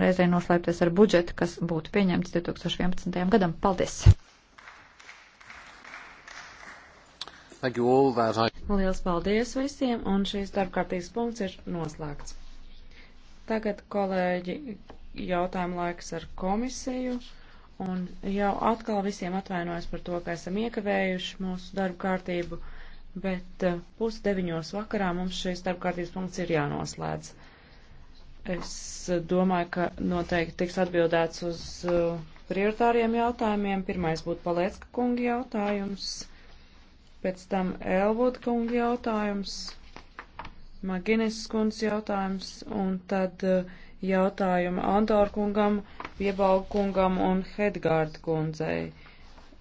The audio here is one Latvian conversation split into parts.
reizē noslēpties ar budžetu, kas būtu pieņemts 2011. gadam. Paldies! Lielas paldies visiem, un šīs darbkārtības punkts ir noslēgts. Tagad, kolēģi, jautājumu laiks ar komisiju, un jau atkal visiem atvainojos par to, ka esam iekavējuši mūsu darbkārtību, bet eh, pusdeviņos vakarā mums šīs darbkārtības punkts ir jānoslēdz. Es domāju, ka noteikti tiks atbildēts uz uh, prioritāriem jautājumiem. Pirmais būtu Palēcka kunga jautājums, pēc tam Elvuda kunga jautājums, Maginis kundas jautājums un tad uh, jautājumu Andoru kungam, Piebalgu kungam un Hedgārdu kundzei.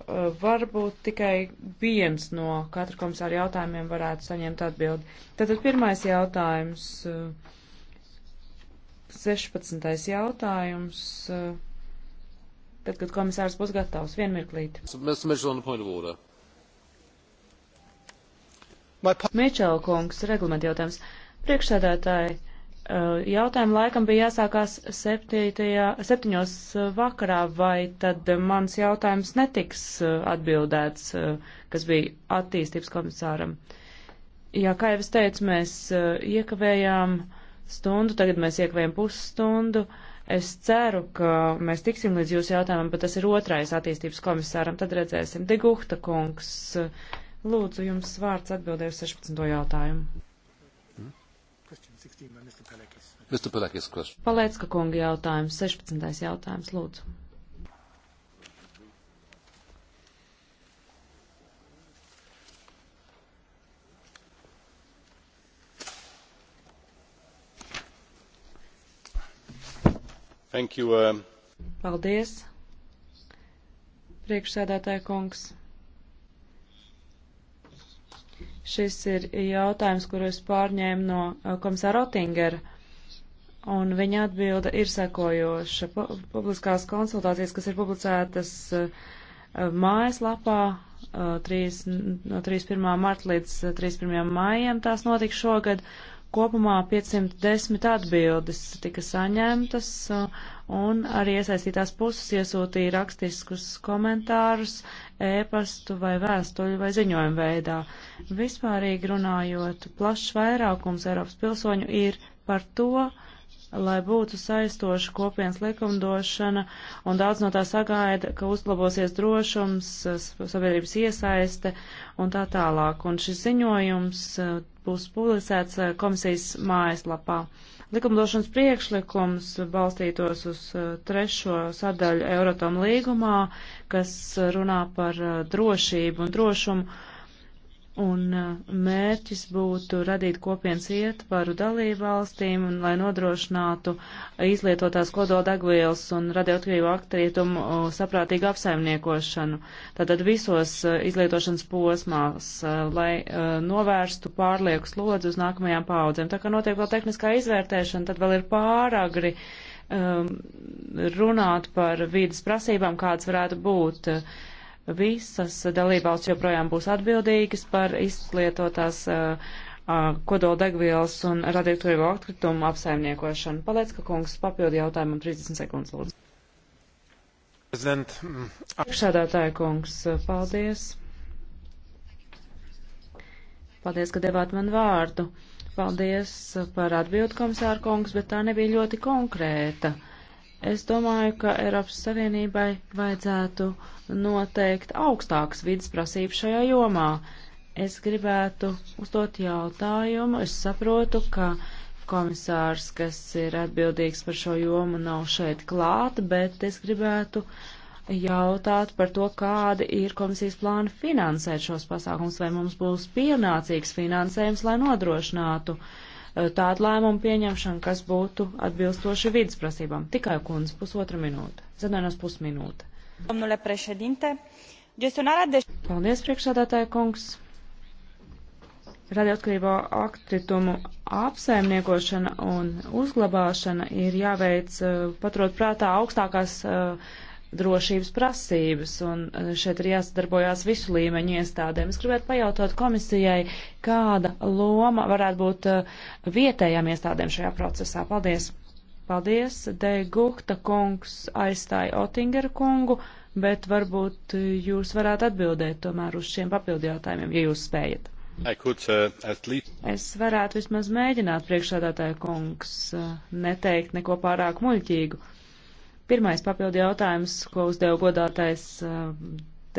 Uh, varbūt tikai viens no katra komisāra jautājumiem varētu saņemt atbildi. Tātad pirmais jautājums. Uh, 16. jautājums. Eh, tad, kad komisārs būs gatavs, vienmirklīt. Mičela kungs, reglamenta jautājums. Priekšsēdētāji, eh, jautājumu laikam bija jāsākās 7. Eh, vakarā, vai tad mans jautājums netiks atbildēts, kas bija attīstības komisāram? Jā, kā jau es teicu, mēs iekavējām. Uh, stundu, tagad mēs iekavējam pusstundu. Es ceru, ka mēs tiksim līdz jūsu jautājumam, bet tas ir otrais attīstības komisāram, tad redzēsim. Degūhta kungs, lūdzu, jums vārds atbildēju 16. jautājumu. Hmm? Mr. Pelekis, Palēcka kunga jautājums, 16. jautājums, lūdzu. Thank you. Um... Paldies, priekšsēdētāja kungs. Šis ir jautājums, kuru es pārņēmu no uh, komisāra Otingera, un viņa atbilda ir sekojoša. Publiskās konsultācijas, kas ir publicētas uh, mājaslapā 3, no 31. marta līdz 31. maijam, tās notika šogad, Kopumā 510 atbildes tika saņemtas, un arī iesaistītās puses iesūtīja rakstiskus komentārus, ēpastu vai vēstuļu vai ziņojumu veidā. Vispārīgi runājot, plašs vairākums Eiropas pilsoņu ir par to, lai būtu saistoša kopienas likumdošana, un daudz no tā sagaida, ka uzlabosies drošums, sabiedrības iesaiste un tā tālāk. Un šis ziņojums būs publicēts eh, komisijas mājaslapā. Likumdošanas priekšlikums balstītos uz eh, trešo sadaļu Euratom līgumā, kas runā par eh, drošību un drošumu Un uh, mērķis būtu radīt kopienas ietvaru dalību valstīm, un, lai nodrošinātu izlietotās kododegvielas un radioaktīvu aktrietumu uh, saprātīgu apsaimniekošanu. Tātad visos uh, izlietošanas posmās, lai novērstu pārlieku slodzi uz nākamajām paudzēm. Tā kā notiek vēl tehniskā izvērtēšana, tad vēl ir pāragri um, runāt par vidas prasībām, kādas varētu būt. Uh, visas dalībvalsts joprojām būs atbildīgas par izlietotās uh, kodoldegvielas un radioaktīvo atkritumu apsaimniekošanu. Paldies, ka kungs papildi jautājumam 30 sekundes lūdzu. Mm, Priekšsēdētāja kungs, paldies. Paldies, ka devāt man vārdu. Paldies par atbildi, komisāra kungs, bet tā nebija ļoti konkrēta. Uh, Es domāju, ka Eiropas Savienībai vajadzētu noteikt augstākas vidas prasības šajā jomā. Es gribētu uzdot jautājumu. Es saprotu, ka komisārs, kas ir atbildīgs par šo jomu, nav šeit klāt, bet es gribētu jautāt par to, kādi ir komisijas plāni finansēt šos pasākums, vai mums būs pienācīgs finansējums, lai nodrošinātu uh, tādu lēmumu pieņemšanu, kas būtu atbilstoši vidas prasībām. Tikai kundze, pusotra minūte. Zenēnos pusminūte. Paldies, priekšsādātāja kungs. Radioatkarību atkritumu apsaimniekošana un uzglabāšana ir jāveic, eh, paturot prātā augstākās uh, drošības prasības, un eh, šeit ir jāsadarbojās visu līmeņu iestādēm. Es gribētu pajautāt komisijai, kāda loma varētu būt eh, vietējām iestādēm šajā procesā. Paldies! Paldies! De Gukta kungs aizstāja Otingeru kungu, bet varbūt eh, jūs varētu atbildēt tomēr uz šiem papildu jautājumiem, ja jūs spējat. Could, uh, es varētu vismaz mēģināt priekšsādātāja kungs neteikt neko pārāk muļķīgu. Uh, Pirmais papildu jautājums, ko uzdev godātais uh,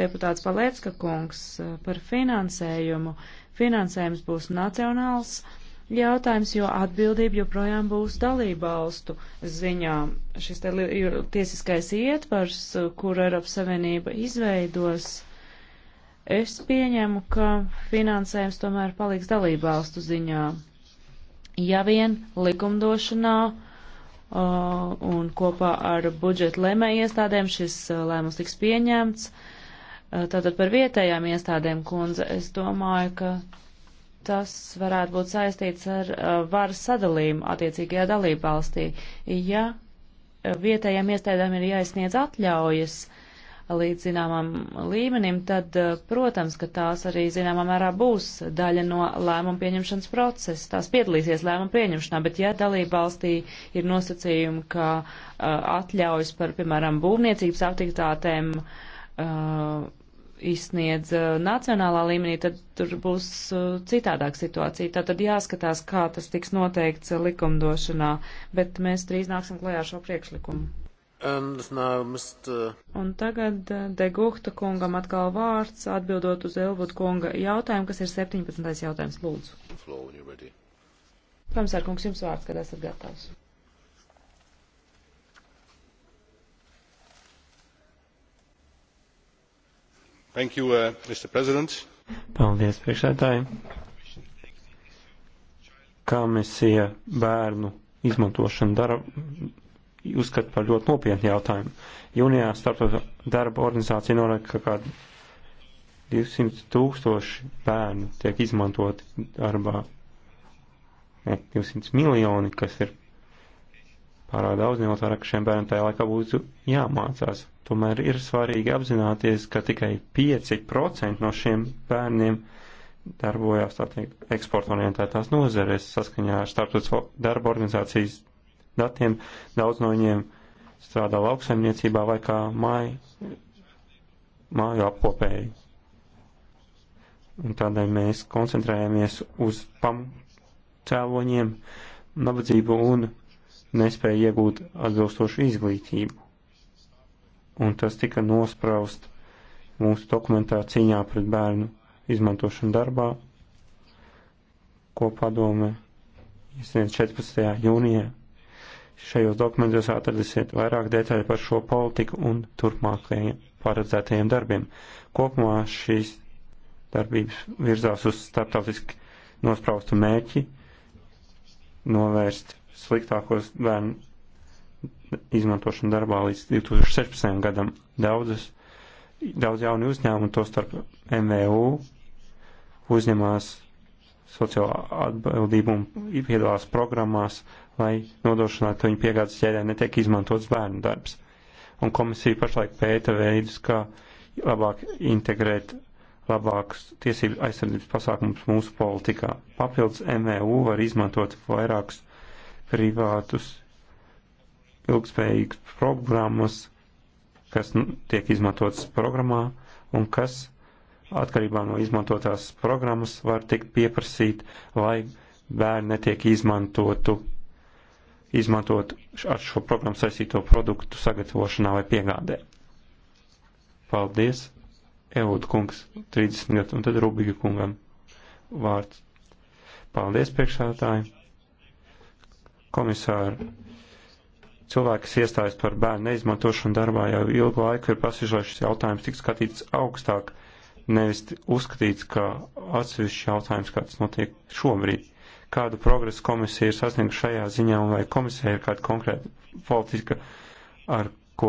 deputāts Palēcka kungs uh, par finansējumu. Finansējums būs nacionāls jautājums, jo atbildība joprojām būs dalībvalstu ziņā. Šis te tiesiskais ietvars, uh, kur Eiropas Savienība izveidos, es pieņemu, ka finansējums tomēr paliks dalībvalstu ziņā. Ja vien likumdošanā uh, Uh, un kopā ar budžeta lēmēju iestādēm šis uh, lēmums tiks pieņemts. Uh, tātad par vietējām iestādēm, kundze, es domāju, ka tas varētu būt saistīts ar varas sadalījumu attiecīgajā dalība valstī. Ja vietējām iestādēm ir jāizsniedz atļaujas, uh, līdz zināmam līmenim, tad, eh, protams, ka tās arī zināmā mērā būs daļa no lēmuma pieņemšanas procesa. Tās piedalīsies lēmuma pieņemšanā, bet ja dalība valstī ir nosacījumi, ka uh, atļaujas par, piemēram, būvniecības aktivitātēm uh, izsniedz uh, nacionālā līmenī, tad tur būs uh, citādāk situācija. Tātad jāskatās, kā tas tiks noteikts likumdošanā, bet mēs drīz nāksim klajā ar šo priekšlikumu. Must... Un tagad eh, Degūhta kungam atkal vārds atbildot uz Elvud kunga jautājumu, kas ir 17. jautājums. Lūdzu. Komisār kungs, jums vārds, kad esat gatavs. Thank you, uh, Mr. President. Paldies, priekšsēdāji. Komisija bērnu izmantošana darba uzskata par ļoti nopietnu jautājumu. Jūnijā starptautiskā darba organizācija norāda, ka kāda 200 tūkstoši bērnu tiek izmantoti darbā. Ne, 200 miljoni, kas ir pārāk daudz, ņemot vērā, ka šiem bērniem tajā laikā būtu jāmācās. Tomēr ir svarīgi apzināties, ka tikai 5% no šiem bērniem darbojās, tā teikt, eksportorientētās nozares saskaņā ar starptautisko darba organizācijas datiem. Daudz no viņiem strādā lauksaimniecībā vai kā māju, māju apkopēji. Un tādēļ mēs koncentrējamies uz pamcēloņiem, nabadzību un nespēju iegūt atbilstošu izglītību. Un tas tika nospraust mūsu dokumentā cīņā pret bērnu izmantošanu darbā, ko padome iesniedz 14. jūnijā Šajos dokumentos atradīsiet vairāk detaļu par šo politiku un turpmākajiem paredzētajiem darbiem. Kopumā šīs darbības virzās uz starptautiski nospraustu mērķi novērst sliktākos bērnu izmantošanu darbā līdz 2016. gadam. Daudzas, daudz jauni uzņēmumi, to starp MVU, uzņemās sociālo atbildību un piedalās programmās, lai nodrošinātu viņu piegādes ķēdē netiek izmantots bērnu darbs. Un komisija pašlaik pēta veidus, kā labāk integrēt labākus tiesību aizsardzības pasākumus mūsu politikā. Papildus MEU var izmantot vairākus privātus ilgspējīgas programmas, kas nu, tiek izmantotas programmā un kas atkarībā no izmantotās programmas var tikt pieprasīt, lai bērni netiek izmantotu izmantot ar šo programmu saistīto produktu sagatavošanā vai piegādē. Paldies, Eud kungs, 30 minūtes, un tad Rubika kungam vārds. Paldies, priekšsādātāji. Komisāri, cilvēki, kas iestājas par bērnu neizmantošanu darbā, jau ilgu laiku ir pasižojušas jautājums tik skatīts augstāk, nevis uzskatīts, ka atsevišķi jautājums, kā tas notiek šobrīd kādu progresu komisija ir sasniegusi šajā ziņā un vai komisija ir kāda konkrēta politika, ar ko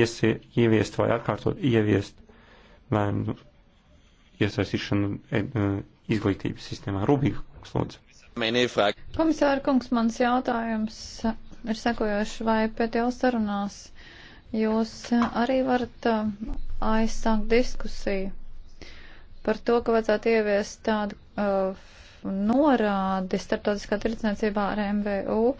iesie, ieviest vai atkārtot ieviest bērnu iesaistīšanu e, e, izglītības sistēmā. Rubīga, lūdzu. Komisāra kungs, mans jautājums ir sekojoši, vai pēdējos sarunās jūs arī varat um, aizsākt diskusiju par to, ka vajadzētu ieviest tādu uh, norādi starptautiskā tirdzniecībā ar MVU,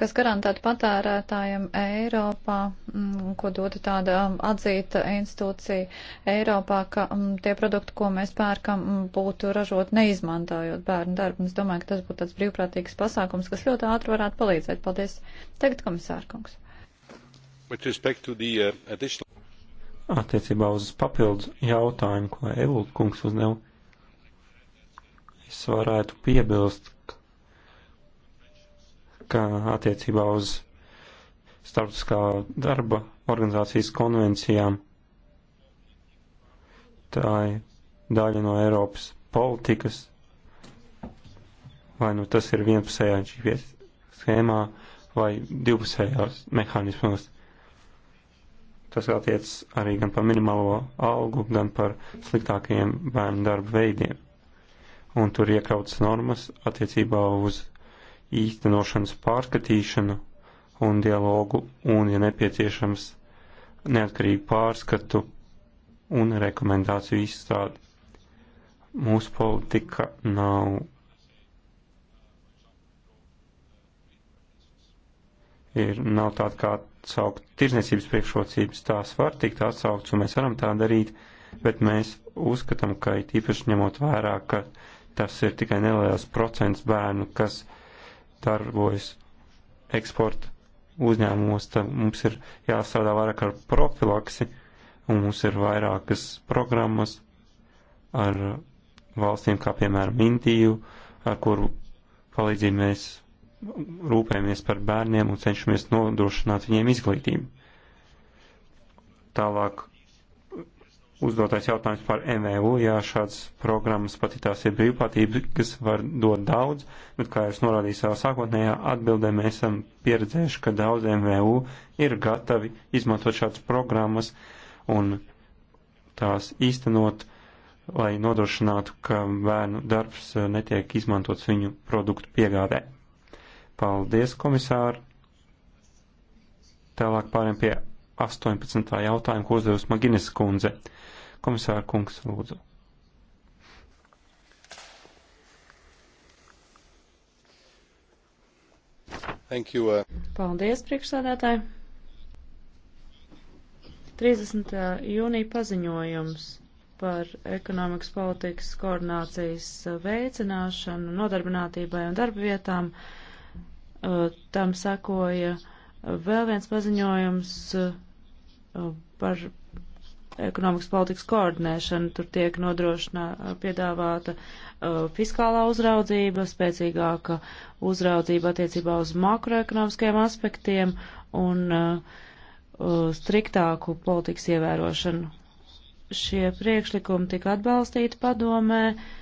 kas garantētu patērētājiem Eiropā, mm, ko dotu tāda um, atzīta institūcija Eiropā, ka mm, tie produkti, ko mēs pērkam, mm, būtu ražot neizmantojot bērnu darbu. Es domāju, ka tas būtu tāds brīvprātīgs pasākums, kas ļoti ātri varētu palīdzēt. Paldies. Tagad komisārkungs. Uh, Attiecībā uz papildus jautājumu, ko Evolūta kungs uzdeva Es varētu piebilst, ka attiecībā uz starptautiskā darba organizācijas konvencijām tā ir daļa no Eiropas politikas, vai nu tas ir vienpusējā GPS schēmā vai divpusējās mehānismos. Tas attiec arī gan par minimālo algu, gan par sliktākajiem bērnu darba veidiem un tur iekļautas normas attiecībā uz īstenošanas pārskatīšanu un dialogu un, ja nepieciešams, neatkarīgu pārskatu un rekomendāciju izstrādi. Mūsu politika nav ir, nav tāda kā atsaukt tirzniecības priekšrocības, tās var tikt atsaukts, un mēs varam tā darīt, bet mēs uzskatām, ka it īpaši ņemot vērā, ka tas ir tikai neliels procents bērnu, kas darbojas eksporta uzņēmumos, tad mums ir jāstrādā vairāk ar profilaksi, un mums ir vairākas programmas ar valstīm, kā piemēram Indiju, ar kuru palīdzību mēs rūpējamies par bērniem un cenšamies nodrošināt viņiem izglītību. Tālāk uzdotais jautājums par MVU, jā, šāds programmas pat ir tās ir brīvprātības, var dot daudz, bet, kā es norādīju savā sākotnējā atbildē, mēs esam pieredzējuši, ka daudz MVU ir gatavi izmantot šādas programmas un tās īstenot, lai nodrošinātu, ka bērnu darbs netiek izmantots viņu produktu piegādē. Paldies, komisāri! Tālāk pāriem pie 18. jautājumu, ko uzdevusi Maginis kundze. Uh, Komisāra kungs, lūdzu. Thank you. Uh... Paldies, priekšsādātāji. 30. Uh, jūnija paziņojums par ekonomikas politikas koordinācijas uh, veicināšanu, nodarbinātībai un darbvietām. Uh, tam sekoja vēl viens paziņojums par ekonomikas politikas koordinēšana, tur tiek nodrošinā, piedāvāta uh, fiskālā uzraudzība, spēcīgāka uzraudzība attiecībā uz makroekonomiskajiem aspektiem un uh, striktāku politikas ievērošanu. Šie priekšlikumi tika atbalstīti padomē. Uh,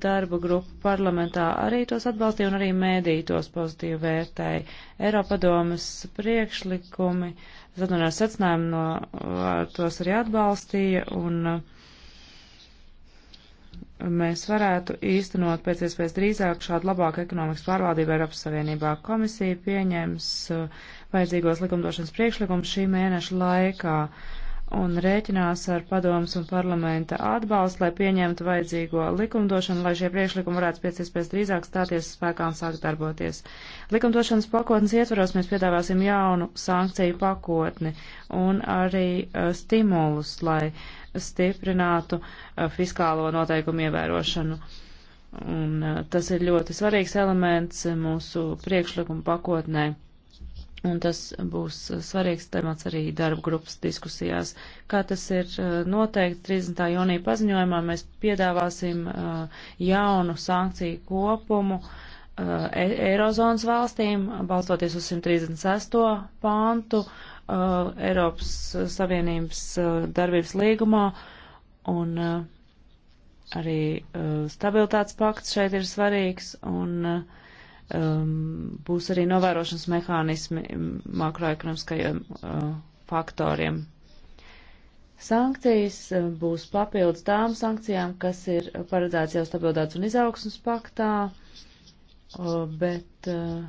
darba grupa parlamentā arī tos atbalstīja un arī mēdī tos pozitīvi vērtēja. Eiropadomas priekšlikumi, zadunā secinājumi no tos arī atbalstīja un mēs varētu īstenot pēc iespējas drīzāk šādu labāku ekonomikas pārvaldību Eiropas Savienībā. Komisija pieņems vajadzīgos likumdošanas priekšlikumus šī mēneša laikā. Uh, un rēķinās ar padomus un parlamenta atbalstu, lai pieņemtu vajadzīgo likumdošanu, lai šie priekšlikumi varētu pēc iespējas drīzāk stāties spēkā un sākt darboties. Likumdošanas pakotnes ietvaros mēs piedāvāsim jaunu sankciju pakotni un arī uh, stimulus, lai stiprinātu uh, fiskālo noteikumu ievērošanu. Un uh, tas ir ļoti svarīgs elements mūsu priekšlikumu pakotnē un tas būs uh, svarīgs temats arī darba grupas diskusijās. Kā tas ir uh, noteikti 30. jūnija paziņojumā, mēs piedāvāsim uh, jaunu sankciju kopumu e-, Eirozonas valstīm, balstoties uz 136. pāntu Eiropas Savienības darbības līgumā, un arī stabilitātes pakts šeit ir svarīgs, un uh, um, būs arī novērošanas mehānismi makroekonomiskajiem uh, faktoriem. Sankcijas uh, būs papildus tām sankcijām, kas ir paredzēts jau stabilitātes un izaugsmas paktā, uh, bet uh,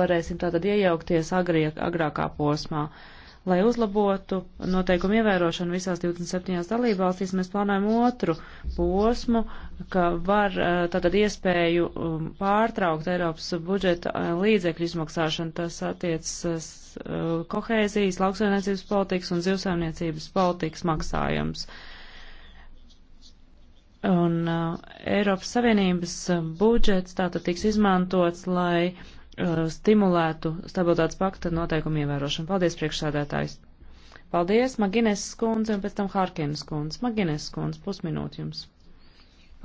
varēsim tātad iejaukties agrie, agrākā posmā. Uh, Lai uzlabotu noteikumu ievērošanu visās 27 dalībvalstīs, mēs plānojam otru posmu, ka var eh, tātad iespēju um, pārtraukt Eiropas budžeta eh, līdzekļu izmaksāšanu. Tas attiecas eh, kohēzijas, lauksaimniecības politikas un zivsaimniecības politikas maksājums. Un uh, Eiropas Savienības budžets tātad tiks izmantots, lai uh, Uh, stimulētu stabilitātes pakta noteikumu ievērošanu. Paldies, priekšsādātājs! Paldies, Magines skundze, un pēc tam Harkins skundze. Magines skundze, pusminūte jums.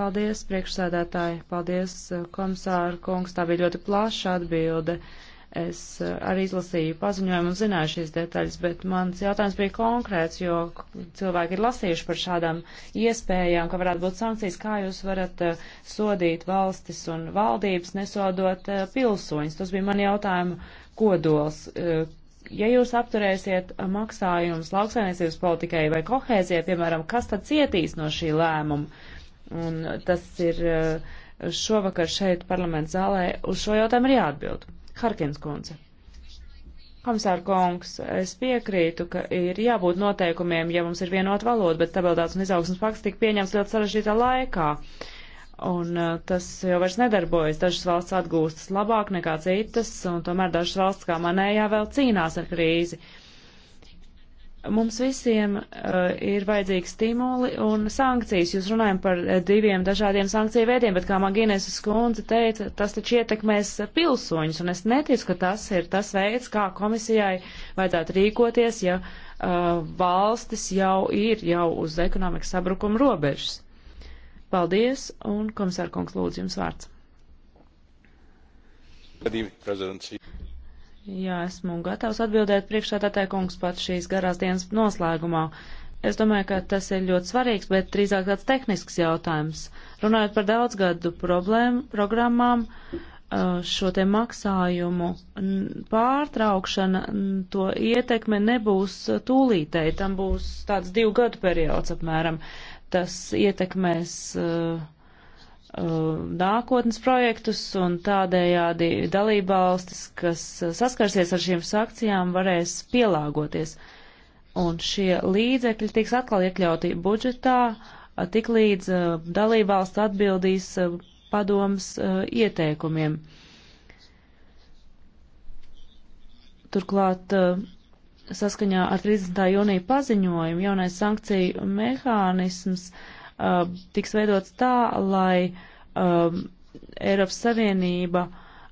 Paldies, priekšsēdētāji, paldies, uh, komisāra kungs, tā bija ļoti plaša atbilde. Uh, Es eh, arī izlasīju paziņojumu un zināju šīs detaļas, bet mans jautājums bija konkrēts, jo cilvēki ir lasījuši par šādām iespējām, ka varētu būt sankcijas, kā jūs varat eh, sodīt valstis un valdības, nesodot eh, pilsoņus. Tas bija man jautājuma kodols. Ja jūs apturēsiet maksājumus lauksainiecības politikai vai kohēzijai, piemēram, kas tad cietīs no šī lēmuma? Un tas ir šovakar šeit parlamentu zālē. Uz šo jautājumu ir jāatbild. Harkins kundze. Komisāra kungs, es piekrītu, ka ir jābūt noteikumiem, ja mums ir vienot valoda, bet stabilitātes un izaugsmas pakts tika pieņemts ļoti sarežģītā laikā. Un uh, tas jau vairs nedarbojas. Dažas valsts atgūstas labāk nekā citas, un tomēr dažas valsts, kā manējā, vēl cīnās ar krīzi. Uh, Mums visiem uh, ir vajadzīgi stimuli un sankcijas. Jūs runājam par eh, diviem dažādiem sankciju veidiem, bet kā man Gīnēsas kundze teica, tas taču ietekmēs pilsoņus, un es neticu, ka tas ir tas veids, kā komisijai vajadzētu rīkoties, ja uh, valstis jau ir jau uz ekonomikas sabrukuma robežas. Paldies, un komisārkungs lūdzu jums vārds. Jā, esmu gatavs atbildēt priekšsādātāja kungs pat šīs garās dienas noslēgumā. Es domāju, ka tas ir ļoti svarīgs, bet drīzāk tāds tehnisks jautājums. Runājot par daudzgadu problēmu, programmām, šo te maksājumu pārtraukšana, to ietekme nebūs tūlītēji, tam būs tāds divu gadu periods apmēram. Tas ietekmēs uh, Uh, nākotnes projektus un tādējādi dalībvalstis, kas uh, saskarsies ar šīm sakcijām, varēs pielāgoties. Un šie līdzekļi tiks atkal iekļauti budžetā, tik līdz uh, dalībvalsts atbildīs padomas ieteikumiem. Turklāt saskaņā ar 30. jūnija paziņojumu jaunais sankciju mehānisms uh, uh, tiks veidots tā, lai um, Eiropas Savienība,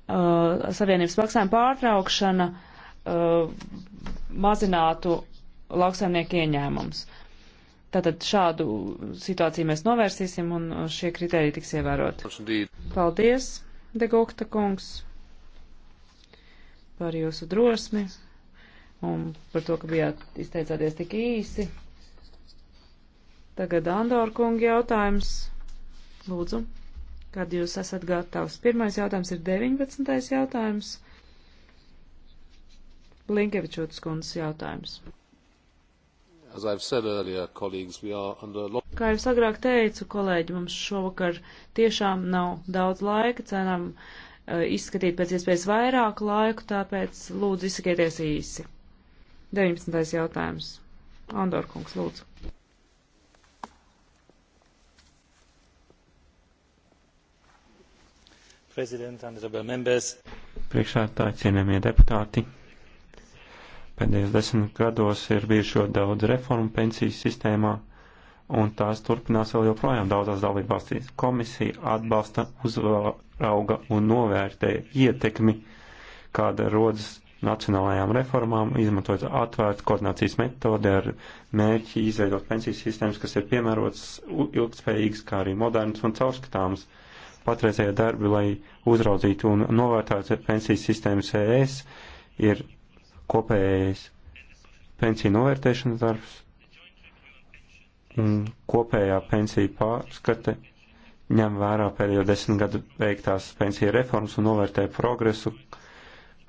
uh, Savienības maksājuma pārtraukšana uh, mazinātu lauksaimnieku ieņēmumus. Tātad šādu situāciju mēs novērsīsim un šie kriteriji tiks ievērot. Paldies, Degokta kungs, par jūsu drosmi un par to, ka bijāt izteicāties tik īsi. Tagad Andoru kungu jautājums. Lūdzu, kad jūs esat gatavs? Pirmais jautājums ir 19. jautājums. Linkevičotas kundzes jautājums. Earlier, under... Kā jau agrāk teicu, kolēģi, mums šovakar tiešām nav daudz laika, cenam uh, izskatīt pēc iespējas vairāk laiku, tāpēc lūdzu izsakieties īsi. 19. jautājums. Andor kungs, lūdzu. Priekšsētāji, cienījamie deputāti, pēdējos desmit gados ir bijušo daudz reformu pensijas sistēmā, un tās turpinās vēl joprojām daudzās dalībvalstīs. Komisija atbalsta, uzrauga un novērtē ietekmi, kāda rodas nacionālajām reformām, izmantojot atvērtu koordinācijas metodi ar mērķi izveidot pensijas sistēmas, kas ir piemērotas, ilgspējīgas, kā arī modernas un caurskatāmas patreizējie darbi, lai uzraudzītu un novērtātu pensijas sistēmas ES, ir kopējais pensiju novērtēšanas darbs un kopējā pensiju pārskate ņem vērā pēdējo desmit gadu veiktās pensiju reformas un novērtē progresu,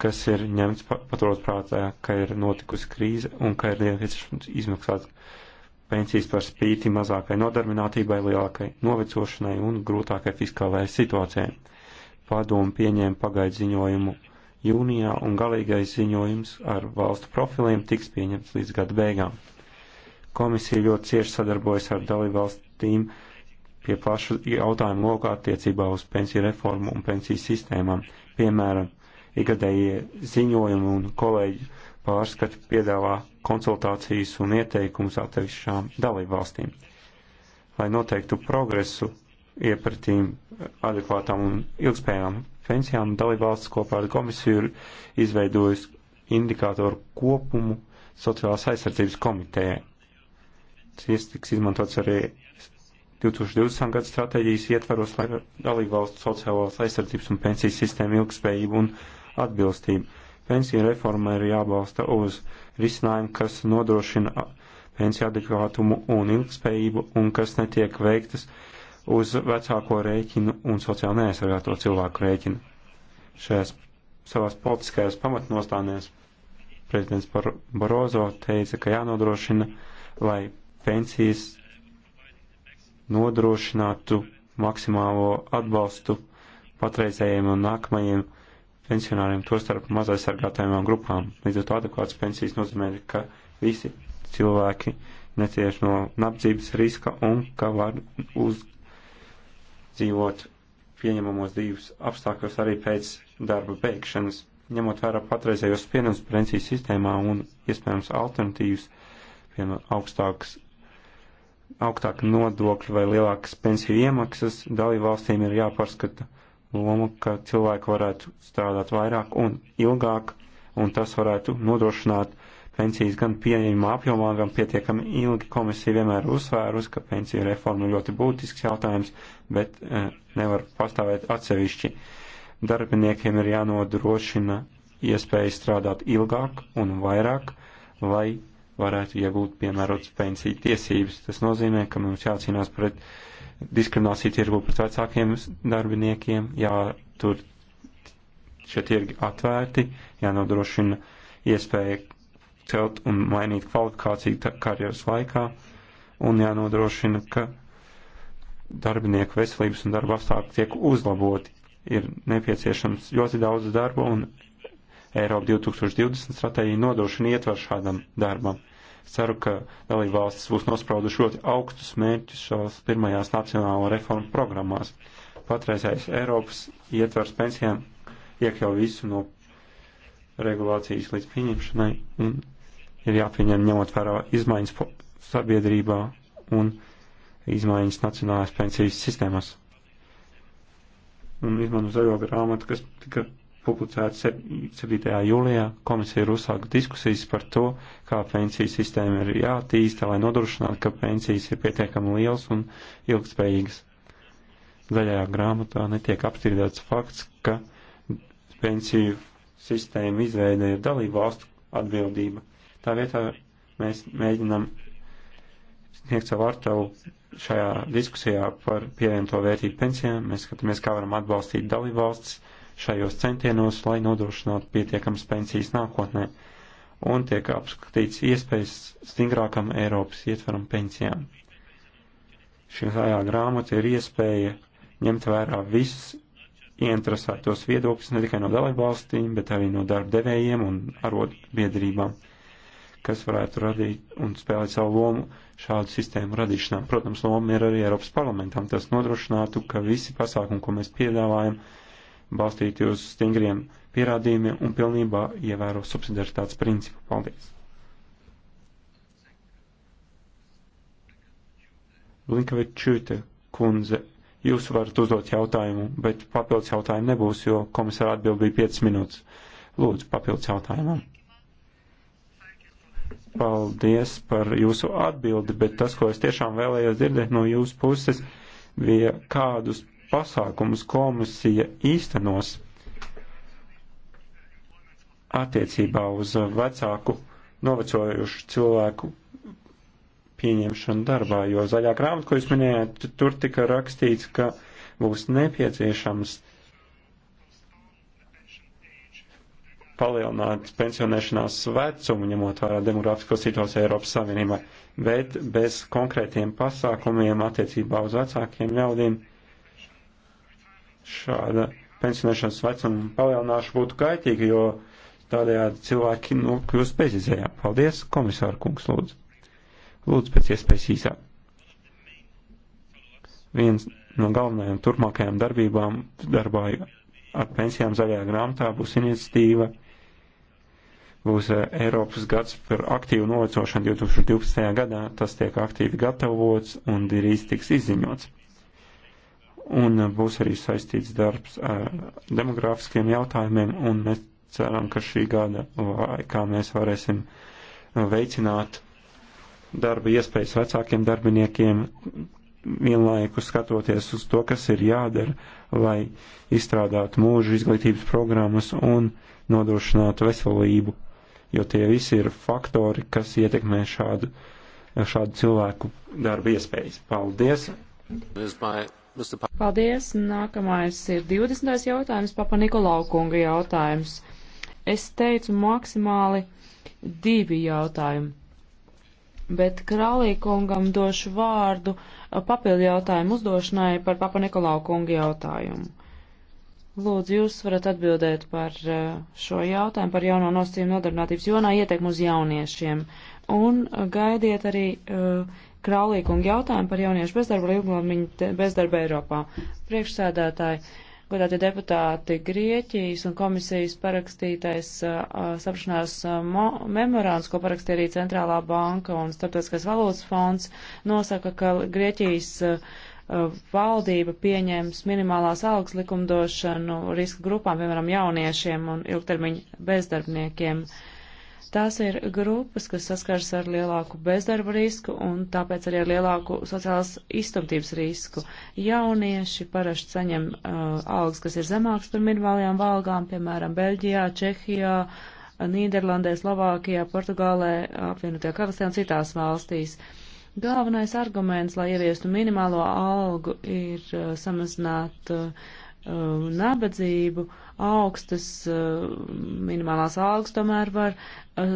kas ir ņemts paturot prātā, ka ir notikusi krīze un ka ir nepieciešams izmaksāt uh, pensijas par spīti mazākai nodarbinātībai, lielākai novecošanai un grūtākai fiskālajai situācijai. Padomu pieņēma pagaidu ziņojumu jūnijā un galīgais ziņojums ar valstu profiliem tiks pieņemts līdz gada beigām. Komisija ļoti cieši sadarbojas ar dalībvalstīm pie plašu jautājumu lokā attiecībā uz pensiju reformu un pensiju sistēmām, piemēram, igadējie ziņojumi un kolēģi pārskata piedāvā konsultācijas un ieteikumus atsevišķām dalībvalstīm, lai noteiktu progresu iepratīm adekvātām un ilgspējām pensijām. Dalībvalsts kopā ar komisiju ir izveidojusi indikātoru kopumu sociālās aizsardzības komitejai. Tas tiks izmantots arī 2020. gada stratēģijas ietvaros, lai dalībvalstu sociālās aizsardzības un pensijas sistēma ilgspējību un atbilstību Pensija reforma ir jābalsta uz risinājumu, kas nodrošina pensiju adekvātumu un ilgspējību un kas netiek veiktas uz vecāko rēķinu un sociāli neaizsargāto cilvēku rēķinu. Šajās savās politiskajās pamatnostādnēs prezidents Barozo teica, ka jānodrošina, lai pensijas nodrošinātu maksimālo atbalstu patreizējiem un nākamajiem pensionāriem, tostarp mazaisargātājumām grupām. Līdz ar to adekvāts pensijas nozīmē, ka visi cilvēki necieš no nabadzības riska un ka var uzdzīvot pieņemamos dzīves apstākļos arī pēc darba beigšanas. Ņemot vērā patreizējos spiedienus pensijas sistēmā un iespējams alternatīvas, piemēram, augstākas augstāka nodokļa vai lielākas pensiju iemaksas, dalībvalstīm ir jāpārskata uh, lomu, ka cilvēki varētu strādāt vairāk un ilgāk, un tas varētu nodrošināt pensijas gan pieejamā apjomā, gan pietiekami ilgi. Komisija vienmēr uzsvērus, ka pensiju reforma ir ļoti būtisks jautājums, bet e, nevar pastāvēt atsevišķi. Darbiniekiem ir jānodrošina iespēja strādāt ilgāk un vairāk, lai varētu iegūt piemērotas pensiju tiesības. Tas nozīmē, ka mums jācīnās pret uh, diskriminācija tirgu pret vecākiem darbiniekiem, jātur šie tirgi atvērti, jānodrošina iespēja celt un mainīt kvalifikāciju karjeras laikā, un jānodrošina, ka darbinieku veselības un darba apstākļi tiek uzlaboti. Ir nepieciešams ļoti daudz darba, un Eiropa 2020 stratēģija nodrošina ietver šādam darbam. Ceru, ka dalību valstis būs nosprauduši ļoti augstus mērķus šās pirmajās nacionālo reformu programmās. Patreizējais Eiropas ietvers pensijām iekļauj visu no regulācijas līdz pieņemšanai un ir jāpieņem ņemot vērā izmaiņas sabiedrībā un izmaiņas nacionālās pensijas sistēmas. Un izmanto zaļo grāmatu, kas tika publicēts 7. jūlijā, komisija ir uzsākusi diskusijas par to, kā pensiju sistēma ir jātīsta, lai nodrošinātu, ka pensijas ir pietiekami liels un ilgspējīgas. Zaļajā grāmatā netiek apstrīdēts fakts, ka pensiju sistēma izveidē ir dalību valstu atbildība. Tā vietā mēs mēģinam sniegt savu artavu šajā diskusijā par pievienoto vērtību pensijām. Mēs skatāmies, kā varam atbalstīt dalību valsts šajos centienos, lai nodrošinātu pietiekamas pensijas nākotnē, un tiek apskatīts iespējas stingrākam Eiropas ietveram pensijām. Šajā grāmatā ir iespēja ņemt vērā visus ieinteresētos viedokļus ne tikai no dalībvalstīm, bet arī no darba devējiem un arotbiedrībām, kas varētu radīt un spēlēt savu lomu šādu sistēmu radīšanā. Protams, loma ir arī Eiropas parlamentam. Tas nodrošinātu, ka visi pasākumi, ko mēs piedāvājam, uh, balstīti uz stingriem pierādījumiem un pilnībā ievēro subsidiaritātes principu. Paldies! Blinkevičūte kundze, jūs varat uzdot jautājumu, bet papildus jautājumu nebūs, jo komisāra atbild bija 5 minūtes. Lūdzu, papildus jautājumam. Paldies par jūsu atbildi, bet tas, ko es tiešām vēlējos dzirdēt no jūsu puses, bija kādus pasākumus komisija īstenos attiecībā uz vecāku novecojušu cilvēku pieņemšanu darbā, jo zaļā grāmata, ko jūs minējāt, tur tika rakstīts, ka būs nepieciešams palielināt pensionēšanās vecumu, ņemot vērā demografisko situāciju Eiropas Savienībā, bet bez konkrētiem pasākumiem attiecībā uz vecākiem ļaudīm šāda pensionēšanas vecuma palielināšana būtu kaitīga, jo tādējādi cilvēki nu, kļūst bezizējā. Paldies, komisāra kungs, lūdzu. Lūdzu, pēc iespējas īsāk. Viens no galvenajām turpmākajām darbībām darbā ar pensijām zaļajā grāmatā būs iniciatīva, būs eh, Eiropas gads par aktīvu novecošanu 2012. gadā. Tas tiek aktīvi gatavots un drīz tiks izziņots un uh, būs arī saistīts darbs ar demogrāfiskiem jautājumiem, un mēs ceram, ka šī gada laikā mēs varēsim uh, veicināt darba iespējas vecākiem darbiniekiem, vienlaikus skatoties uz to, kas ir jādara, lai izstrādātu mūža izglītības programmas un nodrošinātu veselību, jo tie visi ir faktori, kas ietekmē šādu, šādu cilvēku darba iespējas. Paldies! Paldies. Nākamais ir 20. jautājums, Papa Nikolau kunga jautājums. Es teicu maksimāli divi jautājumi, bet Kralī kungam došu vārdu papildu jautājumu uzdošanai par Papa Nikolau kunga jautājumu. Lūdzu, jūs varat atbildēt par šo jautājumu par jauno nosacījumu nodarbinātības jonā ieteikumu uz jauniešiem un gaidiet arī uh, Kraulīkunga jautājumu par jauniešu bezdarbu un ilglaimiņu bezdarbu Eiropā. Priekšsēdētāji, godātie deputāti, Grieķijas un komisijas parakstītais uh, saprašanās uh, memorāns, ko parakstīja arī Centrālā banka un Starptautiskais valūtas fonds, nosaka, ka Grieķijas uh, valdība pieņems minimālās algas likumdošanu riska grupām, piemēram, jauniešiem un ilgtermiņa bezdarbniekiem. Uh, Tās ir grupas, kas saskars ar lielāku bezdarba risku un tāpēc arī ar lielāku sociālās iztumtības risku. Jaunieši parasti saņem uh, algas, kas ir zemākas par minimālajām valgām, piemēram, Beļģijā, Čehijā, Nīderlandē, Slovākijā, Portugālē, apvienotajā karalistē un citās valstīs. Galvenais arguments, lai ieviestu minimālo algu, ir uh, samazināt uh, uh nabadzību. Uh, augstas eh, minimālās algas tomēr var eh,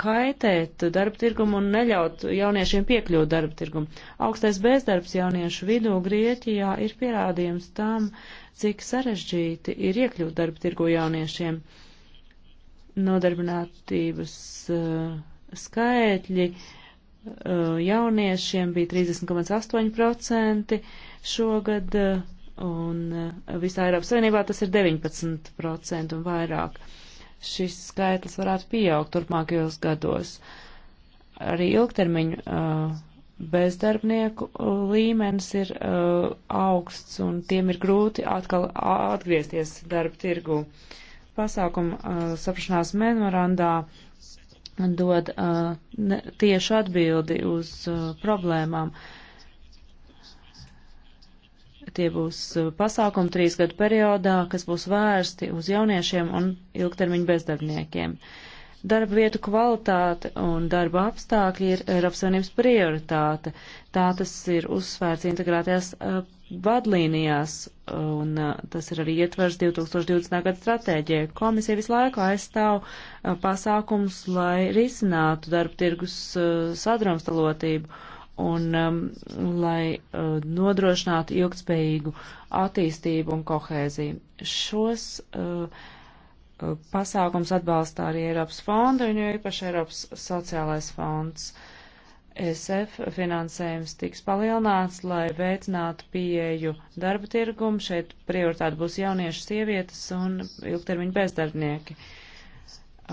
kaitēt darba tirgumu un neļaut jauniešiem piekļūt darba tirgumu. Augstais bezdarbs jauniešu vidū Grieķijā ir pierādījums tam, cik sarežģīti ir iekļūt darba tirgu jauniešiem. Nodarbinātības uh, skaitļi uh, jauniešiem bija 30,8% šogad. Uh, un eh, visā Eiropas Savienībā tas ir 19% un vairāk. Šis skaitlis varētu pieaugt turpmākajos gados. Arī ilgtermiņu uh, bezdarbnieku eh, līmenis ir uh, augsts un tiem ir grūti atkal atgriezties darba tirgu. Pasākuma uh, saprašanās memorandā dod uh, ne, tiešu atbildi uz uh, problēmām. Uh, Tie būs eh, pasākumi trīs gadu periodā, kas būs vērsti uz jauniešiem un ilgtermiņu bezdarbniekiem. Darba vietu kvalitāte un darba apstākļi ir Eiropas Savienības prioritāte. Tā tas ir uzsvērts integrētajās eh, vadlīnijās, un eh, tas ir arī ietvers 2020. gada stratēģijai. Komisija visu laiku aizstāv pasākums, lai risinātu darba tirgus sadrumstalotību un um, lai uh, nodrošinātu ilgtspējīgu attīstību un kohēziju. Šos uh, uh pasākums atbalstā arī Eiropas fonda un jo īpaši Eiropas sociālais fonds. SF finansējums tiks palielināts, lai veicinātu pieeju darba tirgumu. Šeit prioritāte būs jaunieši, sievietes un ilgtermiņa bezdarbnieki.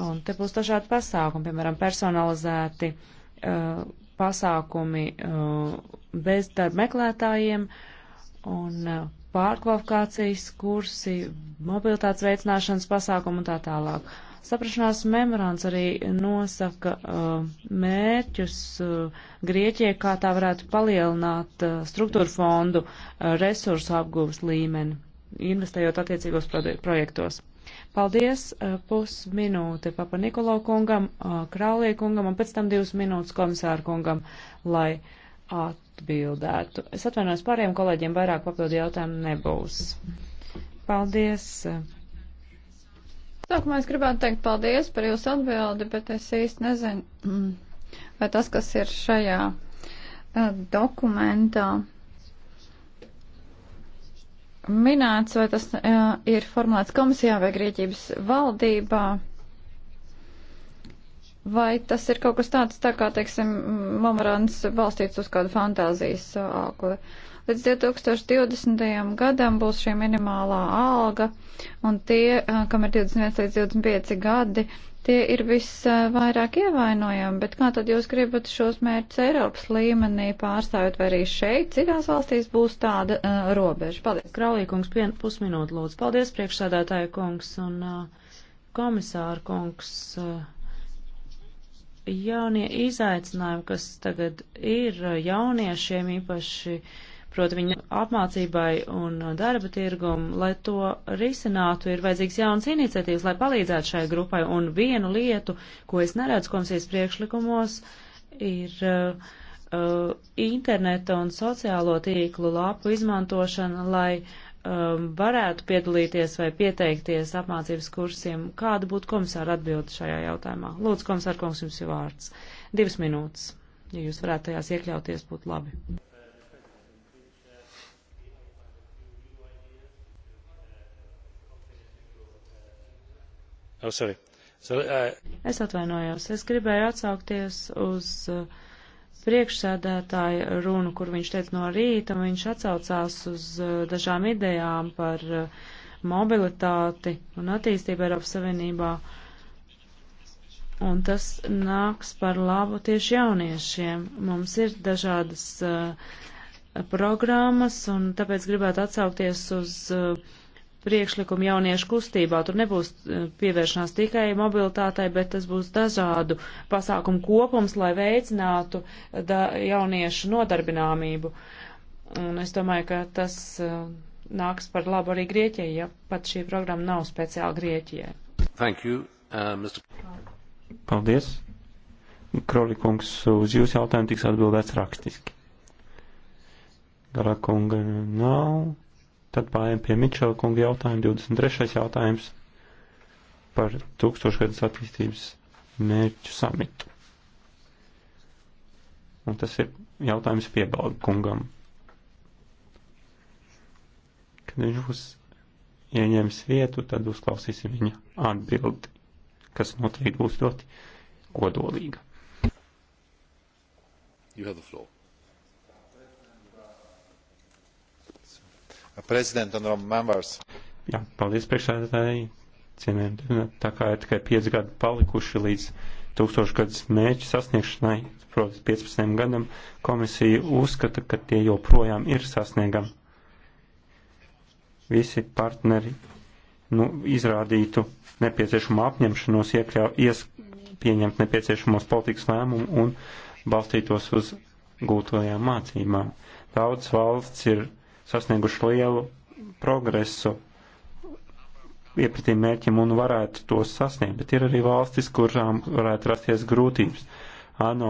Un te būs dažādi pasākumi, piemēram, personalizēti uh, pasākumi uh, bezdarba meklētājiem un uh, pārkvalifikācijas kursi, mobilitātes veicināšanas pasākumi un tā tālāk. Saprašanās memorands arī nosaka uh, mērķus uh, Grieķijai, kā tā varētu palielināt uh, struktūra fondu uh, resursu apgūves līmeni, investējot attiecīgos projektos. Paldies, eh, pusminūte Papa Nikolau kungam, eh, Krālie kungam un pēc tam divas minūtes komisāru kungam, lai atbildētu. Es atvainojos pāriem kolēģiem, vairāk papildu jautājumu nebūs. Paldies. Eh. Sākumā es gribētu teikt paldies par jūsu atbildi, bet es īsti nezinu, mm, vai tas, kas ir šajā dokumentā, minēts, vai tas uh, ir formulēts komisijā vai Grieķības valdībā. Vai tas ir kaut kas tāds, tā kā, teiksim, memorāns balstīts uz kādu fantāzijas augli? Līdz 2020. gadam būs šī minimālā alga, un tie, kam ir 21 līdz 25 gadi, tie ir visvairāk ievainojami, bet kā tad jūs gribat šos mērķus Eiropas līmenī pārstāvot, vai arī šeit citās valstīs būs tāda uh, robeža? Paldies. Kraulīkungs, pusminūte lūdzu. Paldies, priekšsādātāja kungs un uh, komisāra kungs. Uh, jaunie izaicinājumi, kas tagad ir jauniešiem īpaši, proti viņu apmācībai un darba tirgumu, lai to risinātu, ir vajadzīgs jauns iniciatīvas, lai palīdzētu šai grupai. Un vienu lietu, ko es neredzu komisijas priekšlikumos, ir uh, uh interneta un sociālo tīklu lapu izmantošana, lai uh, um, varētu piedalīties vai pieteikties apmācības kursiem. Kāda būtu komisāra atbilde šajā jautājumā? Lūdzu, komisāra kungs, jums ir vārds. Divas minūtes. Ja jūs varētu tajās iekļauties, būtu labi. Oh, sorry. Sorry, I... Uh, es atvainojos. Es gribēju atsaukties uz uh, priekšsēdētāja runu, kur viņš teica no rīta, un viņš atsaucās uz eh, dažām idejām par eh, mobilitāti un attīstību Eiropas Savienībā. Un tas nāks par labu tieši jauniešiem. Mums ir dažādas uh, programmas, un tāpēc gribētu atsaukties uz uh, priekšlikumu jauniešu kustībā. Tur nebūs eh, pievēršanās tikai mobilitātei, bet tas būs dažādu pasākumu kopums, lai veicinātu eh, jauniešu nodarbināmību. Un es domāju, ka tas eh, nāks par labu arī Grieķijai, ja pat šī programma nav speciāli Grieķijai. Thank you, uh, Mr. Paldies. Krolikungs, uz jūsu jautājumu tiks atbildēts rakstiski. Garakunga nav. Tad pārējām pie Mičela kunga jautājuma, 23. jautājums par tūkstošgadus attīstības mērķu samitu. Un tas ir jautājums piebalga kungam. Kad viņš būs ieņēmis vietu, tad uzklausīsim viņa atbildi, kas noteikti būs ļoti kodolīga. You have the floor. Jā, paldies priekšsēdētāji, cienējami. Nu, tā kā ir tikai 5 gadi palikuši līdz tūkstošgadus mērķu sasniegšanai, proti 15 gadam, komisija uzskata, ka tie joprojām ir sasniegami. Visi partneri nu, izrādītu nepieciešamo apņemšanos, iekļau, ies, pieņemt nepieciešamos politikas lēmumu un balstītos uz gūtojām mācībām. Daudz valsts ir sasnieguši lielu progresu iepratiem mērķiem un varētu tos sasniegt, bet ir arī valstis, kurām varētu rasties grūtības. ANO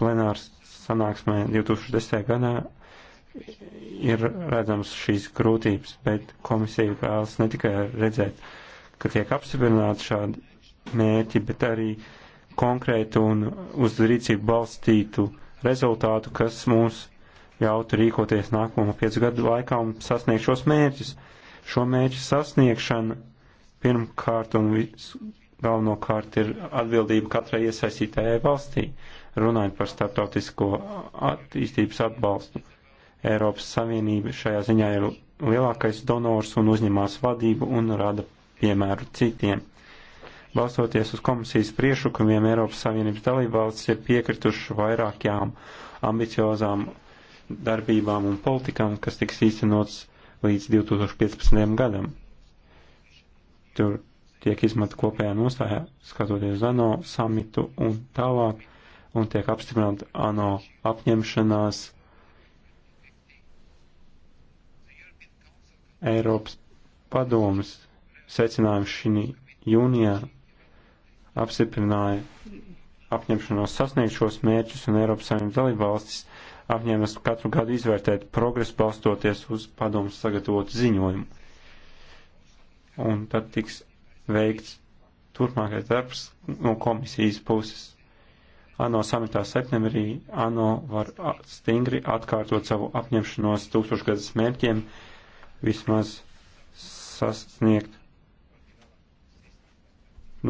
plenārs sanāksmē 2010. gadā ir redzams šīs grūtības, bet komisija vēlas ne tikai redzēt, ka tiek apstiprināti šādi mērķi, bet arī konkrētu un uz rīcību balstītu rezultātu, kas mūs ļautu rīkoties nākamo piecu gadu laikā un sasniegt šos mērķus. Šo mērķu sasniegšana pirmkārt un galvenokārt ir atbildība katrai iesaistītājai valstī, runājot par starptautisko attīstības atbalstu. Eiropas Savienība šajā ziņā ir lielākais donors un uzņemās vadību un rada piemēru citiem. Balstoties uz komisijas priešlikumiem, Eiropas Savienības dalībvalstis ir piekrituši vairākām ambiciozām darbībām un politikām, kas tiks īstenots līdz 2015. gadam. Tur tiek izmanta kopējā nostājā, skatoties uz ANO samitu un tālāk, un tiek apstiprināta ANO apņemšanās Eiropas padomas secinājums šī jūnijā apstiprināja apņemšanos sasniegt šos mērķus un Eiropas Savienības dalībvalstis apņēmas katru gadu izvērtēt progresu balstoties uz padomus sagatavotu ziņojumu. Un tad tiks veikts turpmākais darbs no komisijas puses. ANO samitā septembrī ANO var stingri atkārtot savu apņemšanos tūkstošgadas mērķiem vismaz sasniegt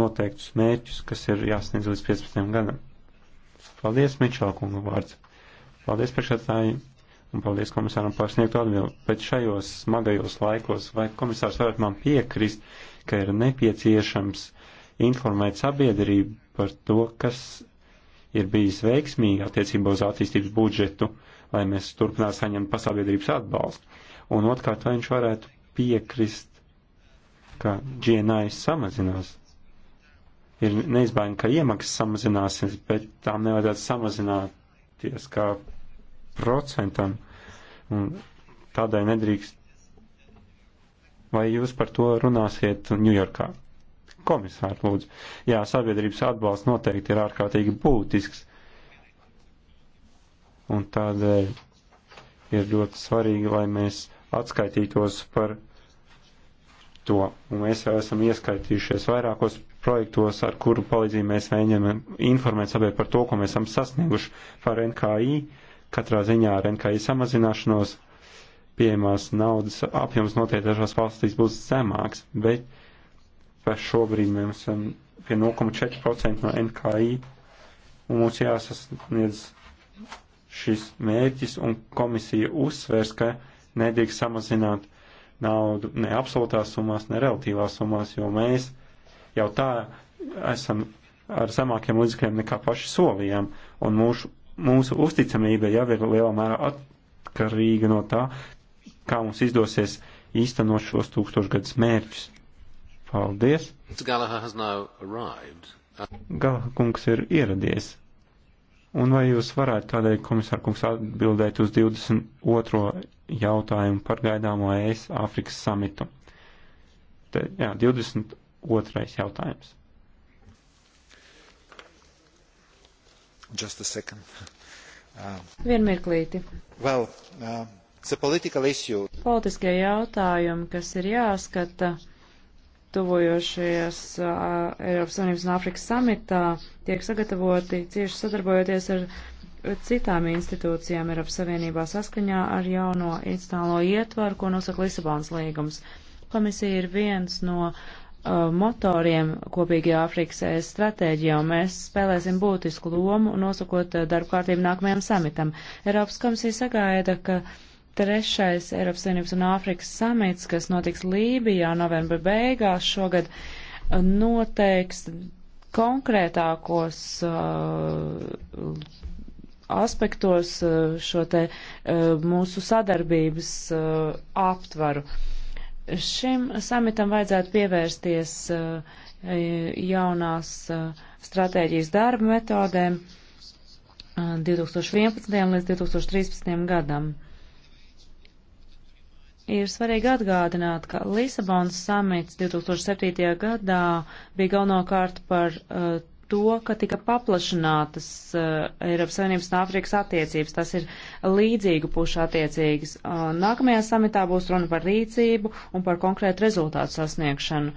noteiktus mērķus, kas ir jāsniedz līdz 15 gadam. Paldies, Mičelkunga vārds. Paldies priekšētāji un paldies komisāram par sniegtu atbildi. Bet šajos smagajos laikos vai komisārs varētu man piekrist, ka ir nepieciešams informēt sabiedrību par to, kas ir bijis veiksmīgi attiecībā uz attīstības budžetu, lai mēs turpinātu saņemt pasabiedrības atbalstu. Un otrkārt, vai viņš varētu piekrist, ka GNI samazinās. Ir neizbēgami, ka iemaksas samazināsies, bet tām nevajadzētu samazināt pielāgoties kā procentam, un tādai nedrīkst. Vai jūs par to runāsiet Ņujorkā? Komisāri, lūdzu. Jā, sabiedrības atbalsts noteikti ir ārkārtīgi būtisks, un tādēļ ir ļoti svarīgi, lai mēs atskaitītos par to, un mēs jau esam ieskaitījušies vairākos projektos, ar kuru palīdzību mēs mēģinām informēt sabiedrību par to, ko mēs esam sasnieguši par NKI. Katrā ziņā ar NKI samazināšanos pieejamās naudas apjoms noteikti dažās valstīs būs zemāks, bet vai šobrīd mēs esam pie 0,4% no NKI un mums jāsasniedz šis mērķis un komisija uzsvers, ka nedrīkst samazināt naudu ne absolūtās summās, ne relatīvās summās, jo mēs Jau tā esam ar zemākiem līdzekļiem nekā paši solījām, un mūsu, mūsu uzticamība jau ir lielā mērā atkarīga no tā, kā mums izdosies īstenot šos tūkstošgadus mērķus. Paldies! Galaha kungs ir ieradies. Un vai jūs varētu tādēļ, komisār kungs, atbildēt uz 22. jautājumu par gaidāmo ES Āfrikas samitu? Te, jā, 20 otrais jautājums. Just a second. Uh, um, Vienmirklīti. Well, uh, Politiskie jautājumi, kas ir jāskata tuvojošajās uh, Eiropas Savienības un Āfrikas samitā, tiek sagatavoti cieši sadarbojoties ar citām institūcijām Eiropas Savienībā saskaņā ar jauno institucionālo ietvaru, ko nosaka Lisabonas līgums. Komisija ir viens no uh, Uh, motoriem kopīgajā Āfrikas ES stratēģijā, un mēs spēlēsim būtisku lomu, nosakot uh, darbu kārtību nākamajam samitam. Eiropas komisija sagaida, ka trešais Eiropas Savienības un Āfrikas samits, kas notiks Lībijā novembra beigās šogad, uh, noteiks konkrētākos uh, aspektos uh, šo te uh, mūsu sadarbības uh, aptvaru. Uh, Šim samitam vajadzētu pievērsties eh, jaunās eh, stratēģijas darba metodēm 2011. Eh, līdz 2013. gadam. Ir svarīgi atgādināt, ka Lisabonas samits 2007. gadā bija galvenokārt par to, ka tika paplašinātas uh, Eiropas Savienības un Āfrikas attiecības. Tas ir līdzīgu pušu attiecīgas. Uh, nākamajā samitā būs runa par rīcību un par konkrētu rezultātu sasniegšanu.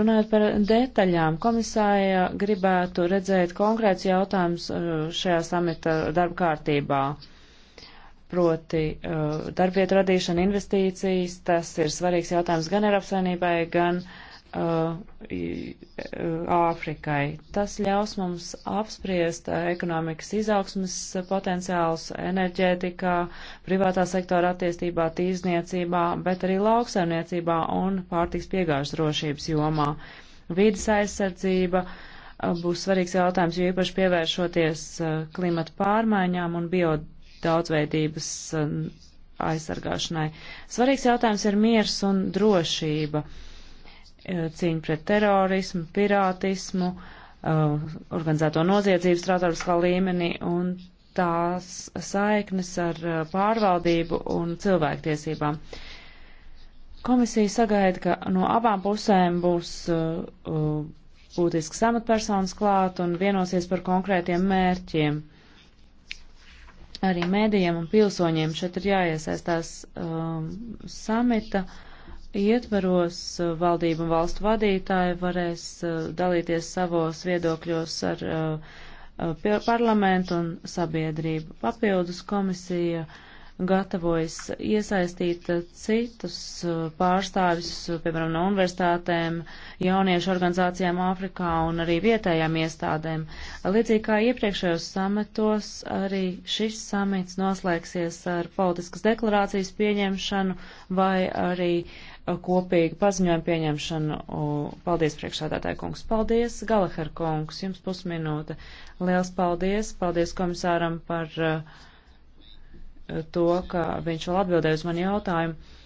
Runājot par detaļām, komisāja gribētu redzēt konkrēts jautājums uh, šajā samita darba kārtībā. Proti uh, darbvietu radīšana, investīcijas, tas ir svarīgs jautājums gan Eiropas Savienībai, gan uh, Uh, uh, Āfrikai. Tas ļaus mums apspriest uh, ekonomikas izaugsmas potenciāls enerģētikā, privātā sektora attīstībā, tīrzniecībā, bet arī lauksaimniecībā un pārtiks piegāžas drošības jomā. Vides aizsardzība būs svarīgs jautājums, jo īpaši pievēršoties klimata pārmaiņām un biodaudzveidības aizsargāšanai. Svarīgs jautājums ir miers un drošība. Uh, Eh, cīņu pret terorismu, pirātismu, eh, organizēto noziedzību strātāriskā līmenī un tās saiknes ar eh, pārvaldību un cilvēktiesībām. Komisija sagaida, ka no abām pusēm būs būtiski samatpersonas klāt un vienosies par konkrētiem mērķiem. Arī mēdījiem un pilsoņiem šeit ir jāiesaistās um, samita uh, ietvaros eh, valdību un valstu vadītāji varēs eh, dalīties savos viedokļos ar eh, parlamentu un sabiedrību. Papildus komisija gatavojas iesaistīt citus pārstāvis, piemēram, no universitātēm, jauniešu organizācijām Āfrikā un arī vietējām iestādēm. Līdzīgi kā iepriekšējos sametos, arī šis samits noslēgsies ar politiskas deklarācijas pieņemšanu vai arī uh, kopīgu paziņojumu pieņemšanu. Paldies, priekšsādātāja kungs. Paldies, Galaher kungs. Jums pusminūte. Liels paldies. Paldies komisāram par uh, to, ka viņš vēl atbildēja uz mani jautājumu.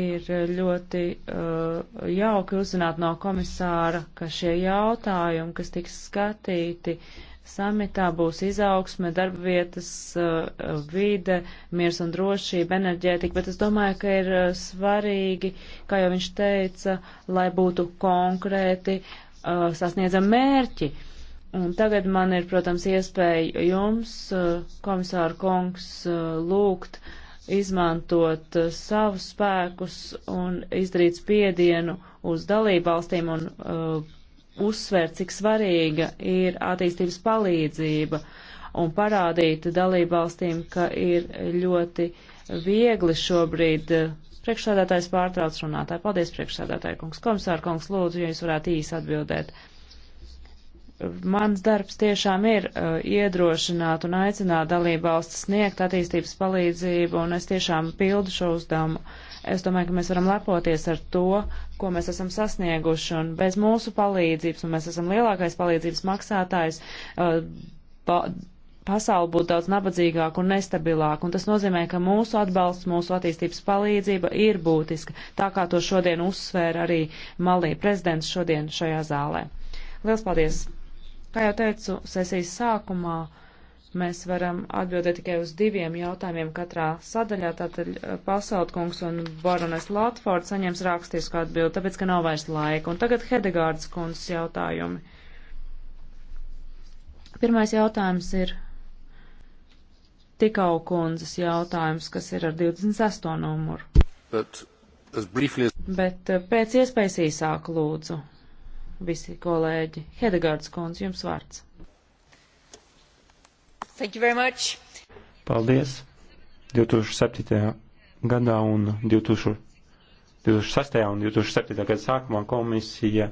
Ir ļoti uh, jauki uzzināt no komisāra, ka šie jautājumi, kas tiks skatīti, uh, samitā būs izaugsme, darba vietas, uh, vide, miers un drošība, enerģētika, bet es domāju, ka ir uh, svarīgi, kā jau viņš teica, lai būtu konkrēti uh, sasniedzami mērķi. Un tagad man ir, protams, iespēja jums, komisāra kungs, lūgt izmantot savus spēkus un izdarīt spiedienu uz dalību valstīm un uh, uzsvērt, cik svarīga ir attīstības palīdzība un parādīt dalībvalstīm, ka ir ļoti viegli šobrīd eh, priekšsēdētājs pārtrauc runātāju. Paldies, priekšsēdētāji kungs. Komisāra kungs, lūdzu, ja jūs varētu īsi atbildēt. Mans darbs tiešām ir uh, iedrošināt un aicināt dalībvalstis sniegt attīstības palīdzību, un es tiešām pildu šo uzdevumu. Uh, Es domāju, ka mēs varam lepoties ar to, ko mēs esam sasnieguši, un bez mūsu palīdzības, un mēs esam lielākais palīdzības maksātājs, uh, pasauli būtu daudz nabadzīgāk un nestabilāk, un tas nozīmē, ka mūsu atbalsts, mūsu attīstības palīdzība ir būtiska, tā kā to šodien uzsvēra arī Malī prezidents šodien šajā zālē. Liels paldies! Kā jau teicu, sesijas sākumā Mēs varam atbildēt tikai uz diviem jautājumiem katrā sadaļā. Tātad eh, Pasautkungs un Barones Latfords saņems rakstisku atbildi, tāpēc, ka nav vairs laika. Un tagad Hedegārds kundzes jautājumi. Pirmais jautājums ir tikau kundzes jautājums, kas ir ar 28 numuru. But, as briefly... Bet eh, pēc iespējas īsāk lūdzu, visi kolēģi. Hedegārds kundze, jums vārds. Thank you very much. Paldies. 2007. gadā un 2000, 2006. un 2007. gada sākumā komisija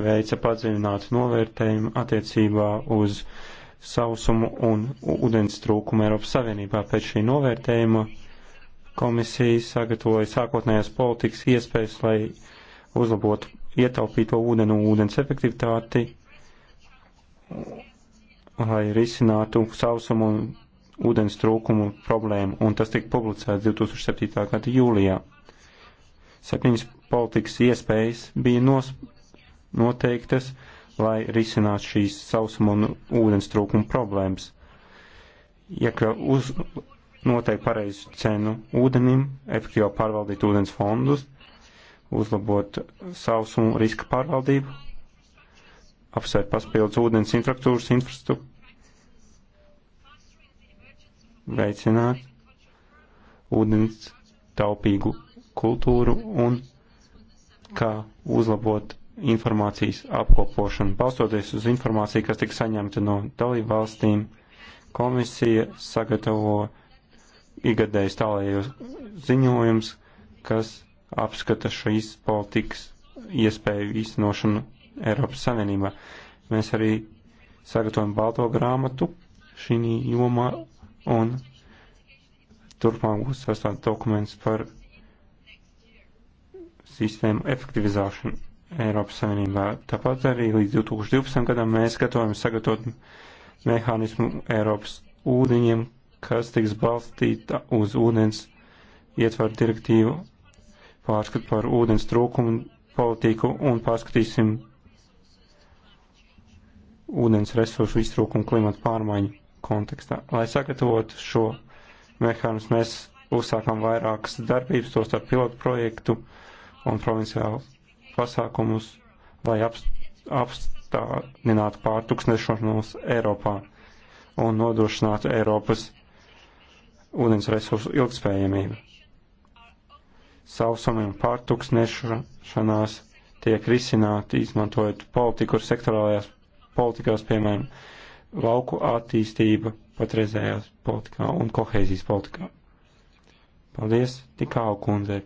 veica padziļinātu novērtējumu attiecībā uz sausumu un ūdens trūkumu Eiropas Savienībā. Pēc šī novērtējuma komisija sagatavoja sākotnējās politikas iespējas, lai uzlabotu ietaupīto ūdenu un ūdens efektivitāti lai risinātu sausumu un ūdens trūkumu problēmu, un tas tika publicēts 2007. gada jūlijā. Septiņas politikas iespējas bija nos, noteiktas, lai risinātu šīs sausuma un ūdens trūkuma problēmas. Iekļau ja uz noteikti pareizu cenu ūdenim, efektīvi pārvaldīt ūdens fondus, uzlabot sausumu riska pārvaldību, apsvērt paspildus ūdens infrastruktūras, infrastruktūras veicināt ūdens taupīgu kultūru un kā uzlabot informācijas apkopošanu. Balstoties uz informāciju, kas tika saņemta no dalību valstīm, komisija sagatavo igadējas tālējos ziņojums, kas apskata šīs politikas iespēju īstenošanu Eiropas Savienībā. Mēs arī sagatavojam balto grāmatu šī jomā un turpmāk būs sastāt dokuments par sistēmu efektivizāšanu Eiropas Savienībā. Tāpat arī līdz 2012. gadam mēs gatavojam sagatavot mehānismu Eiropas ūdeņiem, kas tiks balstīta uz ūdens ietvaru direktīvu, pārskat par ūdens trūkumu politiku un pārskatīsim ūdens resursu iztrūkumu klimatu pārmaiņu kontekstā. Lai sagatavotu šo mehānismu, mēs uzsākām vairākas darbības, tos ar pilotu projektu un provinciālu pasākumus, lai apstādinātu pārtuksnešanos Eiropā un nodrošinātu Eiropas ūdens resursu ilgspējamību. Sausumi un pārtuksnešanās tiek risināti, izmantojot politiku sektorālajās politikās, piemēram, lauku attīstība patreizējās politikā un kohēzijas politikā. Paldies, tikā kundze.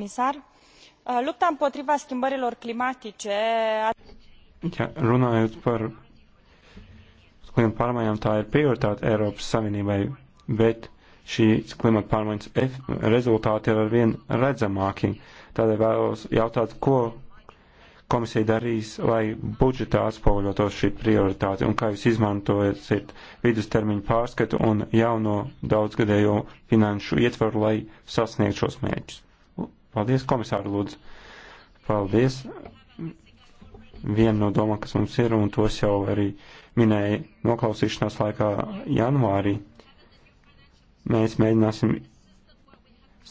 Misār, uh, lupta împotriva schimbărilor climatice. Ja, runājot par klimata pārmaiņām, tā ir prioritāte Eiropas Savienībai, bet šīs klimata pārmaiņas rezultāti ir arvien redzamāki. Tādēļ vēlos jautāt, ko komisija darīs, lai budžetā atspoguļotos šī prioritāte un kā jūs izmantojat vidustermiņu pārskatu un jauno daudzgadējo finanšu ietvaru, lai sasniegtu šos mērķus? Paldies, komisāri, lūdzu. Paldies. Viena no domām, kas mums ir, un tos jau arī minēja noklausīšanās laikā janvārī, mēs mēģināsim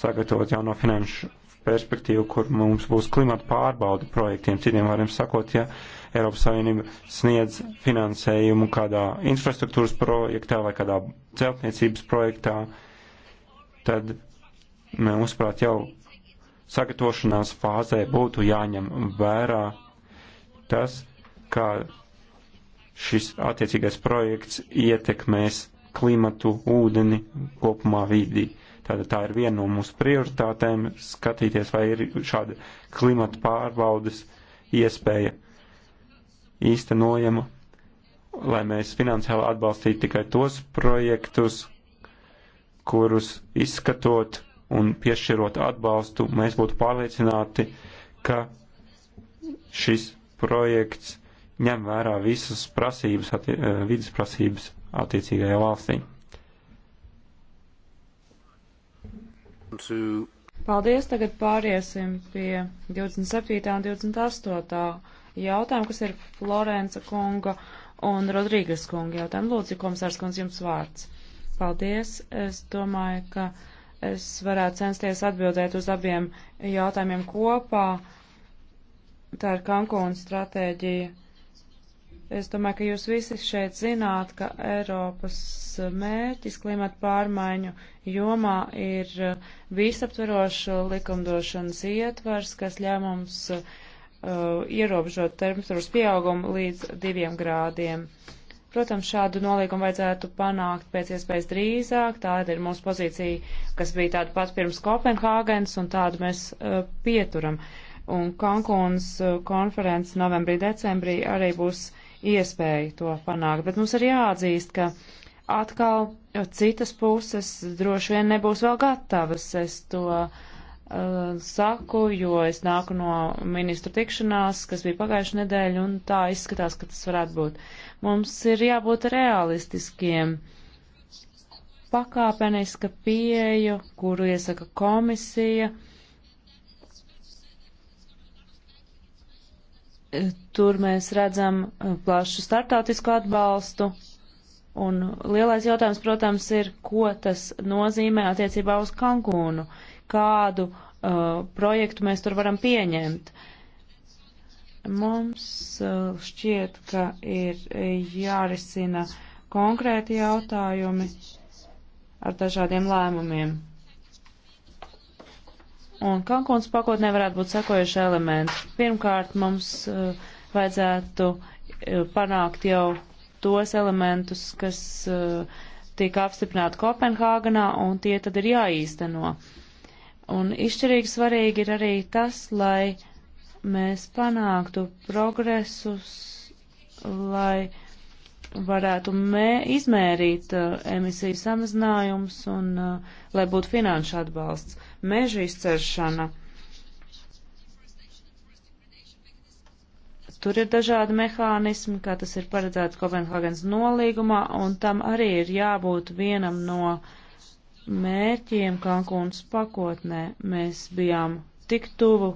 sagatavot jauno finanšu perspektīvu, kur mums būs klimata pārbauda projektiem. Citiem varam sakot, ja Eiropas Savienība sniedz finansējumu kādā infrastruktūras projektā vai kādā celtniecības projektā, tad, mūsuprāt, jau sagatavošanās fāzē būtu jāņem vērā tas, kā šis attiecīgais projekts ietekmēs klimatu, ūdeni, kopumā vīdī. Tātad tā ir viena no mūsu prioritātēm - skatīties, vai ir šāda klimata pārbaudas iespēja īstenojama, lai mēs finansiāli atbalstītu tikai tos projektus, kurus izskatot un piešķirot atbalstu, mēs būtu pārliecināti, ka šis projekts ņem vērā visas prasības, eh, vidas prasības attiecīgajā valstī. To... Paldies, tagad pāriesim pie 27. un 28. jautājuma, kas ir Florenca kunga un Rodrīgas kunga jautājumu. Lūdzu, komisārs kungs, jums vārds. Paldies, es domāju, ka es varētu censties atbildēt uz abiem jautājumiem kopā. Tā ir Kankūna stratēģija. Es domāju, ka jūs visi šeit zināt, ka Eiropas mērķis klimata pārmaiņu jomā ir visaptverošu likumdošanas ietvars, kas ļauj mums uh, ierobežot temperatūras pieaugumu līdz diviem grādiem. Protams, šādu nolīgumu vajadzētu panākt pēc iespējas drīzāk. Tāda ir mūsu pozīcija, kas bija tāda pat pirms Kopenhāgenes, un tādu mēs uh, pieturam. Un Kankūnas uh, konferences novembrī, decembrī arī būs iespēja to panākt. Bet mums ir jāatzīst, ka atkal citas puses droši vien nebūs vēl gatavas. Es to uh, saku, jo es nāku no ministru tikšanās, kas bija pagājuši nedēļu, un tā izskatās, ka tas varētu būt. Mums ir jābūt realistiskiem pakāpeniska pieeja, kuru iesaka komisija. Tur mēs redzam uh, plašu startautisku atbalstu, Un lielais jautājums, protams, ir, ko tas nozīmē attiecībā uz Kankūnu, kādu uh, projektu mēs tur varam pieņemt. Mums uh, šķiet, ka ir jārisina konkrēti jautājumi ar dažādiem lēmumiem. Un Kankūnas pakotnē varētu būt sekojuši elementi. Pirmkārt, mums uh, vajadzētu uh, panākt jau tos elementus, kas eh, tika apstiprināti Kopenhāganā, un tie tad ir jāīsteno. Un izšķirīgi svarīgi ir arī tas, lai mēs panāktu progresus, lai varētu mē, izmērīt uh, emisiju samazinājums un uh, lai būtu finanšu atbalsts. Meža izceršana Tur ir dažādi mehānismi, kā tas ir paredzēts Kopenhāgenes nolīgumā, un tam arī ir jābūt vienam no mērķiem Kankūnas pakotnē. Mēs bijām tik tuvu,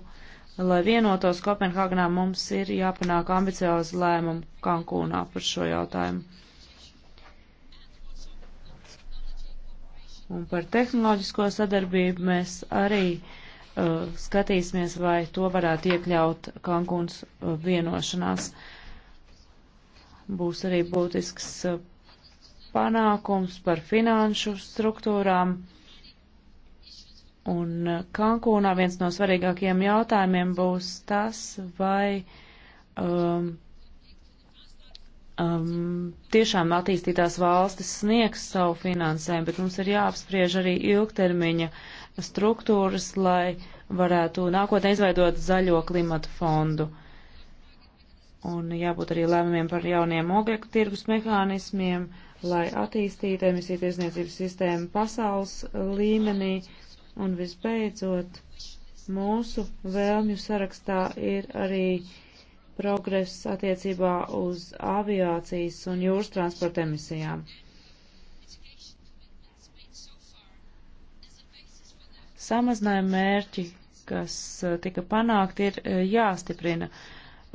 lai vienotos Kopenhāgenā mums ir jāpanāk ambiciozi lēmumu Kankūnā par šo jautājumu. Un par tehnoloģisko sadarbību mēs arī uh, Uh, skatīsimies, vai to varētu iekļaut Kankūns uh, vienošanās. Būs arī būtisks uh, panākums par finanšu struktūrām. Un Kankūnā viens no svarīgākajiem jautājumiem būs tas, vai um, um, tiešām attīstītās valstis sniegs savu finansējumu, bet mums ir jāapspriež arī ilgtermiņa struktūras, lai varētu nākotnē izveidot zaļo klimatu fondu. Un jābūt arī lēmumiem par jauniem oglekļu tirgus mehānismiem, lai attīstītu emisiju tirzniecības sistēmu pasaules līmenī. Un visbeidzot, mūsu vēlmju sarakstā ir arī progress attiecībā uz aviācijas un jūras transporta emisijām. samazinājuma mērķi, kas eh, tika panākti, ir eh, jāstiprina.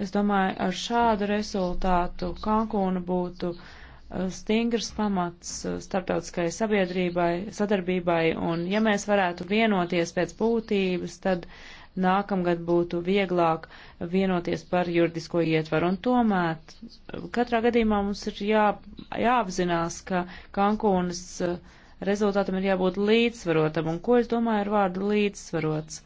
Es domāju, ar šādu rezultātu Kankūna būtu eh, stingrs pamats starptautiskai sabiedrībai, sadarbībai, un ja mēs varētu vienoties pēc būtības, tad nākamgad būtu vieglāk vienoties par juridisko ietvaru. Un tomēr katrā gadījumā mums ir jā, jāapzinās, ka Kankūnas uh, rezultātam ir jābūt līdzsvarotam. Un ko es domāju ar vārdu līdzsvarots?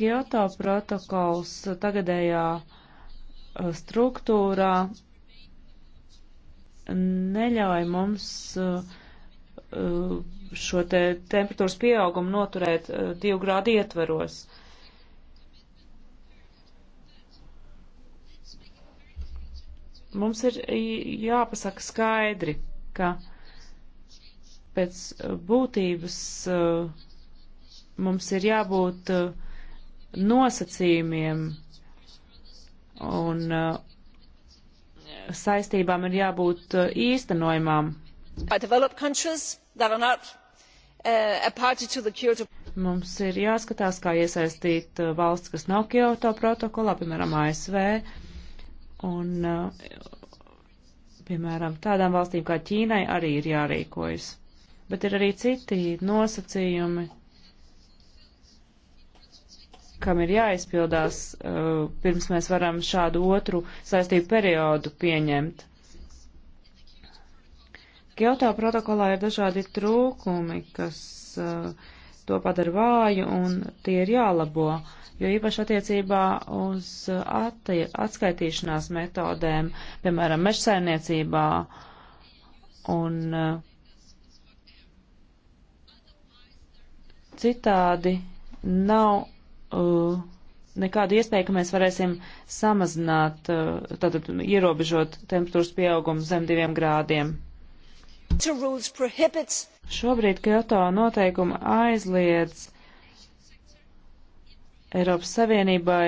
Kyoto protokols tagadējā uh, struktūrā neļauj mums uh, uh, šo te temperatūras pieaugumu noturēt divu grādu ietveros. Mums ir jāpasaka skaidri, ka uh, pēc eh, būtības eh, mums ir jābūt eh, nosacījumiem un saistībām ir jābūt īstenojumām. Mums ir jāskatās, kā iesaistīt valsts, kas nav Kyoto protokolā, piemēram, ASV, un, piemēram, tādām valstīm kā Ķīnai arī ir jārīkojas bet ir arī citi nosacījumi, kam ir jāizpildās, uh, pirms mēs varam šādu otru saistību periodu pieņemt. Kyoto protokolā ir dažādi trūkumi, kas uh, to padara vāju un tie ir jālabo, jo īpaši attiecībā uz uh, atskaitīšanās metodēm, piemēram, mežsaimniecībā un uh, Citādi nav uh, nekāda iespēja, ka mēs varēsim samazināt, uh, tātad ierobežot temperatūras pieaugumu zem diviem grādiem. Šobrīd Kyoto noteikuma aizliedz Eiropas Savienībai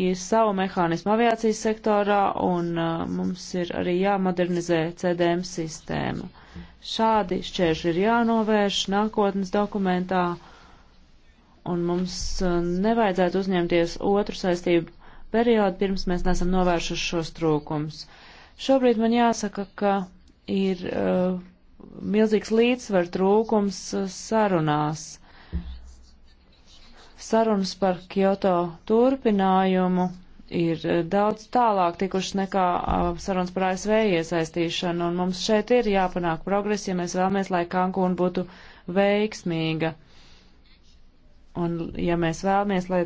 ir savu mehānismu aviācijas sektorā un uh, mums ir arī jāmodernizē CDM sistēma. Uh, Šādi šķēršļi ir jānovērš nākotnes dokumentā, un mums uh, nevajadzētu uzņemties otru saistību periodu, pirms mēs nesam novēršuši šos trūkums. Šobrīd man jāsaka, ka ir uh, milzīgs līdzsvar trūkums uh, sarunās. Sarunas par Kyoto turpinājumu ir eh, daudz tālāk tikušas nekā eh, sarunas par ASV iesaistīšanu, un mums šeit ir jāpanāk progress, ja mēs vēlamies, lai Kankūna būtu veiksmīga. Un ja mēs vēlamies, lai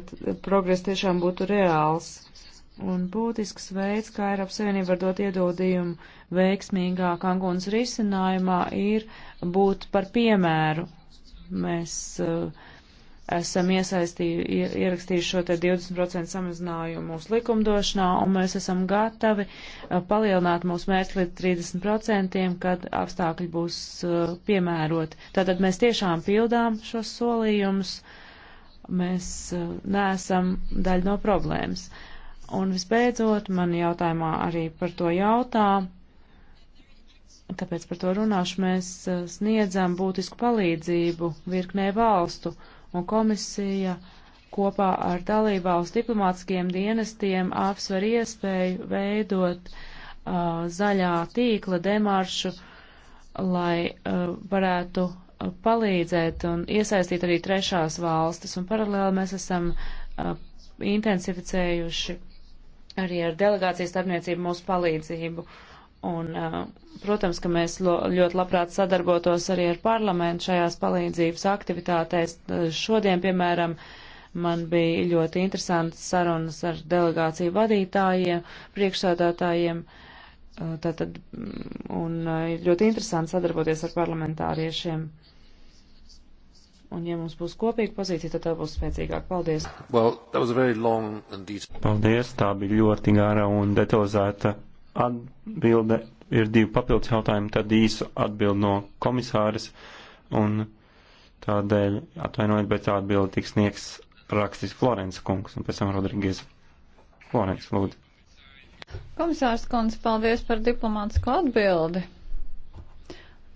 progress tiešām būtu reāls. Un būtisks veids, kā Eiropas Savienība var dot ieguldījumu veiksmīgā Kankūnas risinājumā, ir būt par piemēru. Mēs uh, esam ierakstījuši šo 20% samazinājumu mūsu likumdošanā, un mēs esam gatavi uh, palielināt mūsu mērķi līdz 30%, kad apstākļi būs uh, piemēroti. Tātad mēs tiešām pildām šos solījumus, mēs uh, neesam daļa no problēmas. Un visbeidzot, man jautājumā arī par to jautā, tāpēc par to runāšu, mēs sniedzam būtisku palīdzību virknē valstu un komisija kopā ar dalībvalstu diplomātiskiem dienestiem apsver iespēju veidot uh, zaļā tīkla demaršu, lai uh, varētu uh, palīdzēt un iesaistīt arī trešās valstis, un paralēli mēs esam uh, intensificējuši arī ar delegācijas starpniecību mūsu palīdzību. Uh, Un, eh, protams, ka mēs ļoti labprāt sadarbotos arī ar parlamentu šajās palīdzības aktivitātēs. Eh, šodien, piemēram, man bija ļoti interesantas sarunas ar delegāciju vadītājiem, priekšsādātājiem. Eh, tātad, mm, un ir ļoti interesanti sadarboties ar parlamentāriešiem. Un, ja mums būs kopīga pozīcija, tad tā būs spēcīgāka. Paldies! Well, Paldies! Tā bija ļoti gara un detalizēta atbilde ir divi papildus jautājumi, tad īsu atbildi no komisāras, un tādēļ atvainojiet, bet tā atbilde tiks sniegs rakstīs Florence kungs, un pēc tam Rodrīgies. Florence, lūdzu. Komisārs Kons, paldies par diplomātsko atbildi.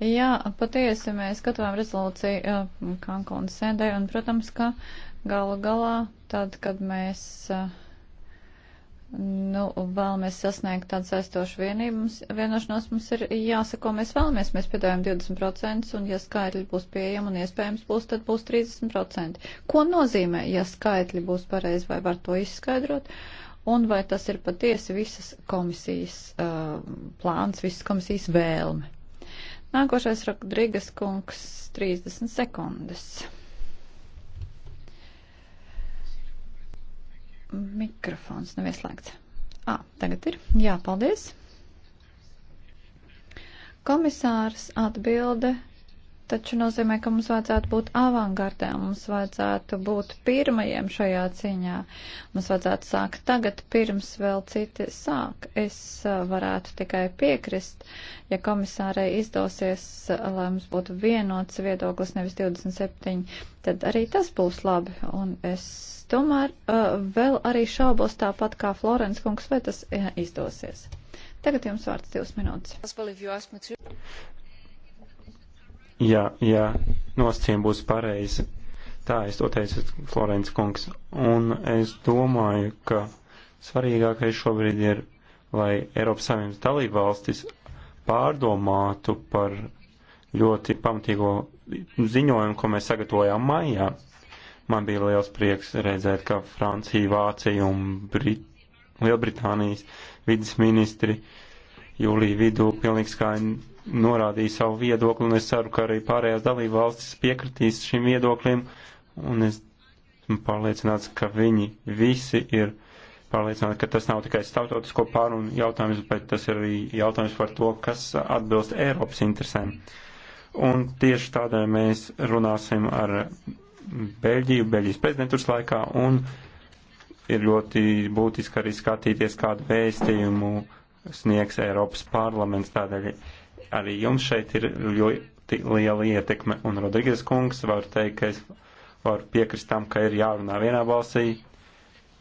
Jā, patiesi mēs skatām rezolūciju Kankunas sēdē, un, protams, ka galu galā, tad, kad mēs. Uh, nu, vēlamies sasniegt tādu saistošu vienību, mums, vienošanos mums ir jāsako, mēs vēlamies, mēs piedāvājam 20%, un ja skaitļi būs pieejami un iespējams būs, tad būs 30%. Ko nozīmē, ja skaitļi būs pareizi, vai var to izskaidrot, un vai tas ir patiesi visas komisijas uh, plāns, visas komisijas vēlme? Nākošais Rodrigas kungs 30 sekundes. Mikrofons nav ieslēgts. Ā, tagad ir. Jā, paldies. Komisārs atbilde taču nozīmē, ka mums vajadzētu būt avangardē, mums vajadzētu būt pirmajiem šajā cīņā. Mums vajadzētu sākt tagad, pirms vēl citi sāk. Es varētu tikai piekrist, ja komisārei izdosies, lai mums būtu vienots viedoklis, nevis 27, tad arī tas būs labi. Un es tomēr uh, vēl arī šaubos tāpat kā Florence kungs, vai tas izdosies. Tagad jums vārds divas minūtes ja, ja nosacījumi būs pareizi. Tā es to teicu, Florence kungs. Un es domāju, ka svarīgākais šobrīd ir, lai Eiropas Savienības dalībvalstis pārdomātu par ļoti pamatīgo ziņojumu, ko mēs sagatavojām maijā. Man bija liels prieks redzēt, ka Francija, Vācija un Brit Lielbritānijas vidas ministri jūlija vidū pilnīgi skaidri norādīja savu viedokli, un es ceru, ka arī pārējās dalība valstis piekritīs šim viedoklim, un es esmu pārliecināts, ka viņi visi ir pārliecināti, ka tas nav tikai starptautisko pārunu jautājums, bet tas ir arī jautājums par to, kas atbilst Eiropas interesēm. Un tieši tādēļ mēs runāsim ar Beļģiju, Beļģijas prezidentūras laikā, un ir ļoti būtiski arī skatīties, kādu vēstījumu sniegs Eiropas parlaments. Tādēļ arī jums šeit ir ļoti liela ietekme, un Rodrigas kungs var teikt, ka es varu piekrist tam, ka ir jārunā vienā balsī,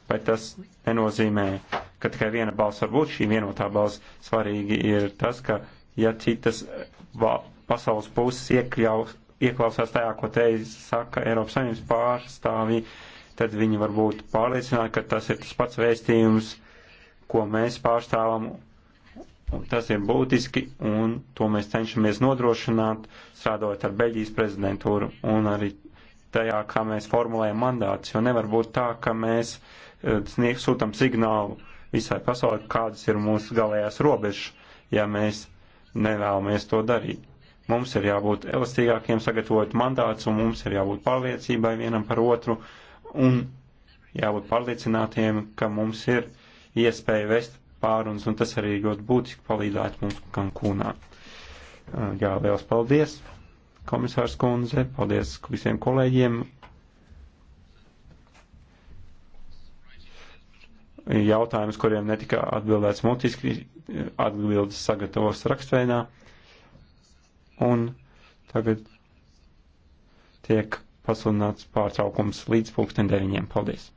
bet tas nenozīmē, ka tikai viena balss var būt šī vienotā balss. Svarīgi ir tas, ka ja citas pasaules puses iekļaus, ieklausās tajā, ko teiz saka Eiropas saimnības pārstāvji, tad viņi var būt pārliecināti, ka tas ir tas pats vēstījums, ko mēs pārstāvam Tas ir būtiski, un to mēs cenšamies nodrošināt, strādājot ar Beļģijas prezidentūru un arī tajā, kā mēs formulējam mandātus, jo nevar būt tā, ka mēs e, sūtam signālu visai pasaulē, kādas ir mūsu galējās robežas, ja mēs nevēlamies to darīt. Mums ir jābūt elastīgākiem, sagatavot mandāts, un mums ir jābūt pārliecībai vienam par otru, un jābūt pārliecinātiem, ka mums ir iespēja vest pārunas, un tas arī ļoti būtiski palīdzētu mums Kankūnā. Uh, jā, liels paldies, komisārs kundze, paldies visiem kolēģiem. Jautājums, kuriem netika atbildēts mutiski, atbildes sagatavos rakstveidā. Un tagad tiek pasludināts pārtraukums līdz pulksten deviņiem. Paldies!